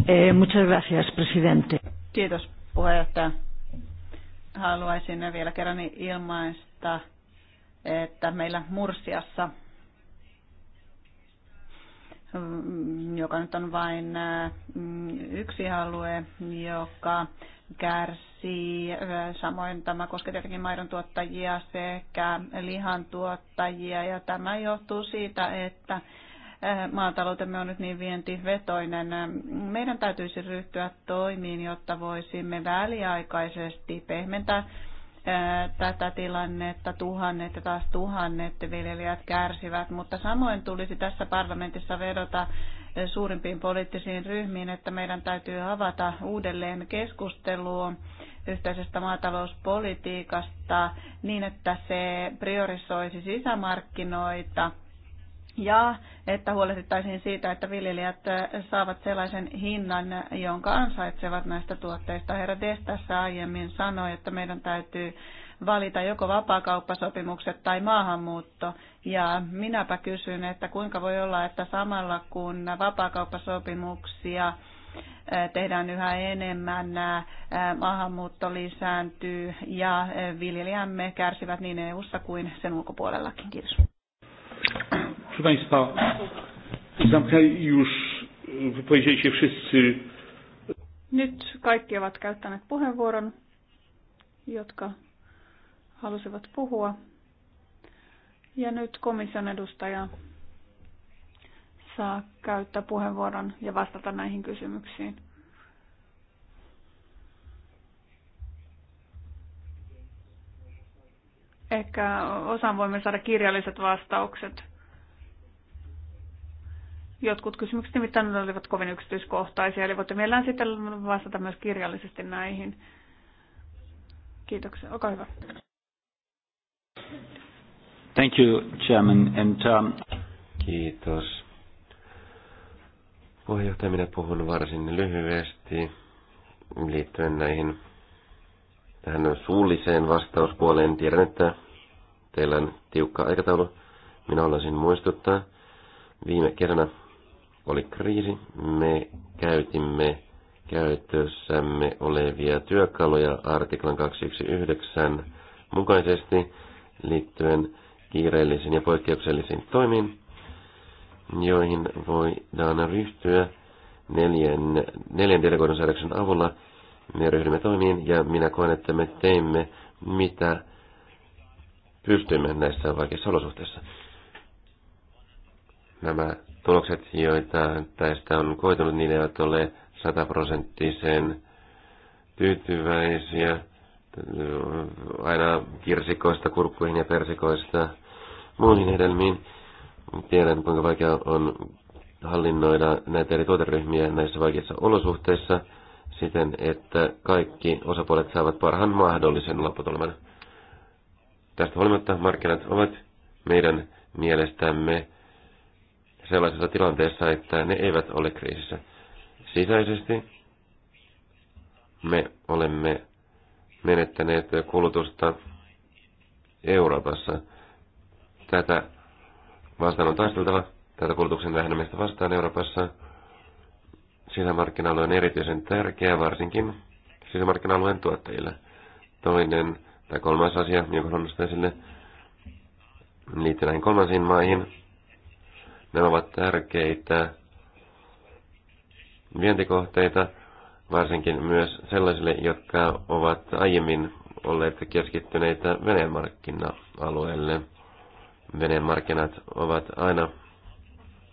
Eh, muchas gracias, presidente. Kiitos, puheenjohtaja. Haluaisin vielä kerran ilmaista, että meillä Mursiassa, mm, joka nyt on vain mm, yksi alue, joka kärsii kärsii. Samoin tämä koskee tietenkin maidon tuottajia sekä lihan tuottajia ja tämä johtuu siitä, että maataloutemme on nyt niin vientivetoinen. Meidän täytyisi ryhtyä toimiin, jotta voisimme väliaikaisesti pehmentää tätä tilannetta. Tuhannet ja taas tuhannet viljelijät kärsivät, mutta samoin tulisi tässä parlamentissa vedota suurimpiin poliittisiin ryhmiin, että meidän täytyy avata uudelleen keskustelua yhteisestä maatalouspolitiikasta niin, että se priorisoisi sisämarkkinoita ja että huolehdittaisiin siitä, että viljelijät saavat sellaisen hinnan, jonka ansaitsevat näistä tuotteista. Herra Des tässä aiemmin sanoi, että meidän täytyy valita joko vapaakauppasopimukset tai maahanmuutto. Ja minäpä kysyn, että kuinka voi olla, että samalla kun vapaakauppasopimuksia tehdään yhä enemmän, maahanmuutto lisääntyy ja viljelijämme kärsivät niin EU-ssa kuin sen ulkopuolellakin. Kiitos. Proszę Państwa, zamknęli już, wypowiedzieli się wszyscy. Nyt kaikki ovat käyttäneet puheenvuoron, jotka halusivat puhua. Ja nyt komission edustaja saa käyttää puheenvuoron ja vastata näihin kysymyksiin. Ehkä osan voimme saada kirjalliset vastaukset. Jotkut kysymykset nimittäin olivat kovin yksityiskohtaisia, eli voitte mielellään sitten vastata myös kirjallisesti näihin. Kiitoksia. Olkaa hyvä. Thank you, Chairman. And, um... Kiitos Puheenjohtaja, minä puhun varsin lyhyesti liittyen näihin tähän suulliseen vastauspuoleen. Tiedän, että teillä on tiukka aikataulu. Minä haluaisin muistuttaa, viime kerrana oli kriisi. Me käytimme käytössämme olevia työkaluja artiklan 219 mukaisesti liittyen kiireellisiin ja poikkeuksellisiin toimiin joihin voi Daana ryhtyä neljän, neljän delegoidun säädöksen avulla. Me ryhdymme toimiin ja minä koen, että me teimme mitä pystymme näissä vaikeissa olosuhteissa. Nämä tulokset, joita tästä on koitunut, niille eivät ole sataprosenttisen tyytyväisiä aina kirsikoista, kurkkuihin ja persikoista muihin hedelmiin. Tiedän, kuinka vaikea on hallinnoida näitä eri tuoteryhmiä näissä vaikeissa olosuhteissa siten, että kaikki osapuolet saavat parhaan mahdollisen lopputuleman. Tästä huolimatta markkinat ovat meidän mielestämme sellaisessa tilanteessa, että ne eivät ole kriisissä. Sisäisesti me olemme menettäneet kulutusta Euroopassa. Tätä Vastaan on taisteltava tätä kulutuksen vähenemistä vastaan Euroopassa. Sisämarkkina-alue on erityisen tärkeä, varsinkin sisämarkkina-alueen tuottajille. Toinen tai kolmas asia, jonka haluan nostaa esille, liittyy näihin kolmansiin maihin. Nämä ovat tärkeitä vientikohteita, varsinkin myös sellaisille, jotka ovat aiemmin olleet keskittyneitä Venäjän markkina-alueelle – Veneen markkinat ovat aina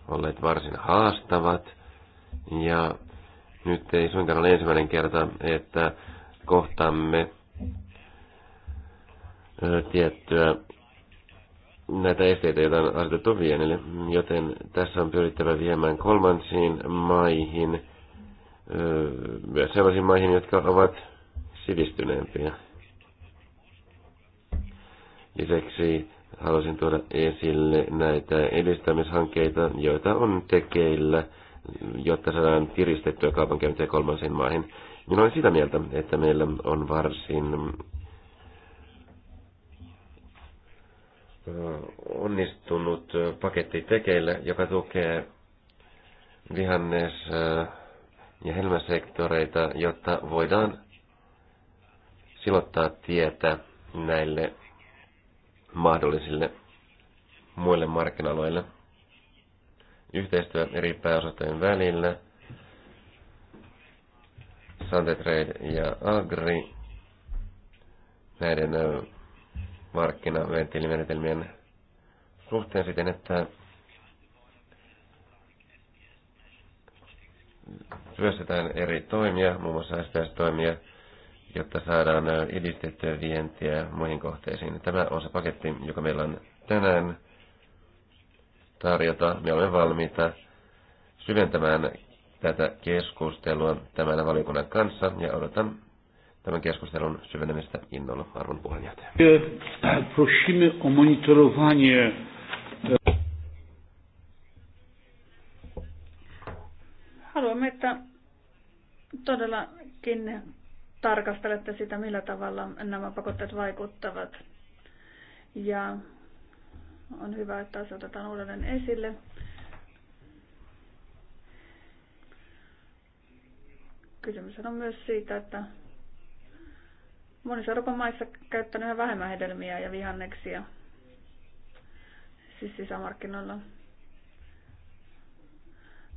olleet varsin haastavat. Ja nyt ei suinkaan ole ensimmäinen kerta, että kohtaamme tiettyä näitä esteitä, joita on asetettu vienille. Joten tässä on pyrittävä viemään kolmansiin maihin, myös sellaisiin maihin, jotka ovat sivistyneempiä. Lisäksi haluaisin tuoda esille näitä edistämishankkeita, joita on tekeillä, jotta saadaan kiristettyä kaupankäyntiä kolmansiin maihin. Minä olen sitä mieltä, että meillä on varsin äh, onnistunut paketti tekeillä, joka tukee vihannes- äh, ja helmäsektoreita, jotta voidaan silottaa tietä näille mahdollisille muille markkinaloille Yhteistyö eri pääosastojen välillä, Sante Trade ja Agri, näiden markkinaventtiilimenetelmien suhteen siten, että työstetään eri toimia, muun muassa sts toimia jotta saadaan edistettyä vientiä muihin kohteisiin. Tämä on se paketti, joka meillä on tänään tarjota. Me olemme valmiita syventämään tätä keskustelua tämän valiokunnan kanssa ja odotan tämän keskustelun syvenemistä innolla arvon puheenjohtaja. o e, Haluamme, että todellakin tarkastelette sitä, millä tavalla nämä pakotteet vaikuttavat. Ja on hyvä, että se otetaan uudelleen esille. Kysymys on myös siitä, että monissa Euroopan maissa käyttänyt yhä vähemmän hedelmiä ja vihanneksia siis sisämarkkinoilla.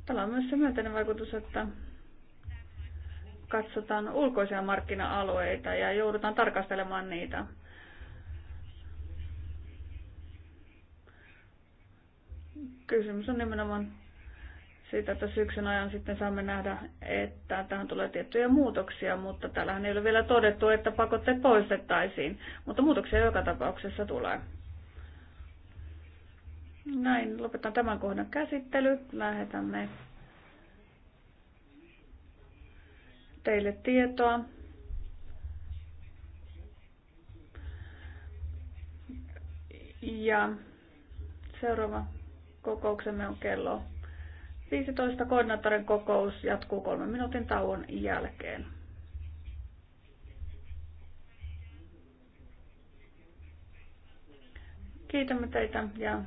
Tällä on myös se myönteinen vaikutus, että katsotaan ulkoisia markkina-alueita ja joudutaan tarkastelemaan niitä. Kysymys on nimenomaan siitä, että syksyn ajan sitten saamme nähdä, että tähän tulee tiettyjä muutoksia, mutta täällähän ei ole vielä todettu, että pakotteet poistettaisiin, mutta muutoksia joka tapauksessa tulee. Näin, lopetan tämän kohdan käsittely. Lähetämme teille tietoa. Ja seuraava kokouksemme on kello 15. Koordinaattorin kokous jatkuu kolmen minuutin tauon jälkeen. Kiitämme teitä ja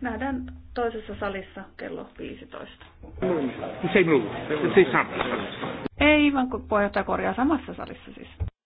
Nähdään toisessa salissa kello 15. Ei, vaan puheenjohtaja korjaa samassa salissa siis.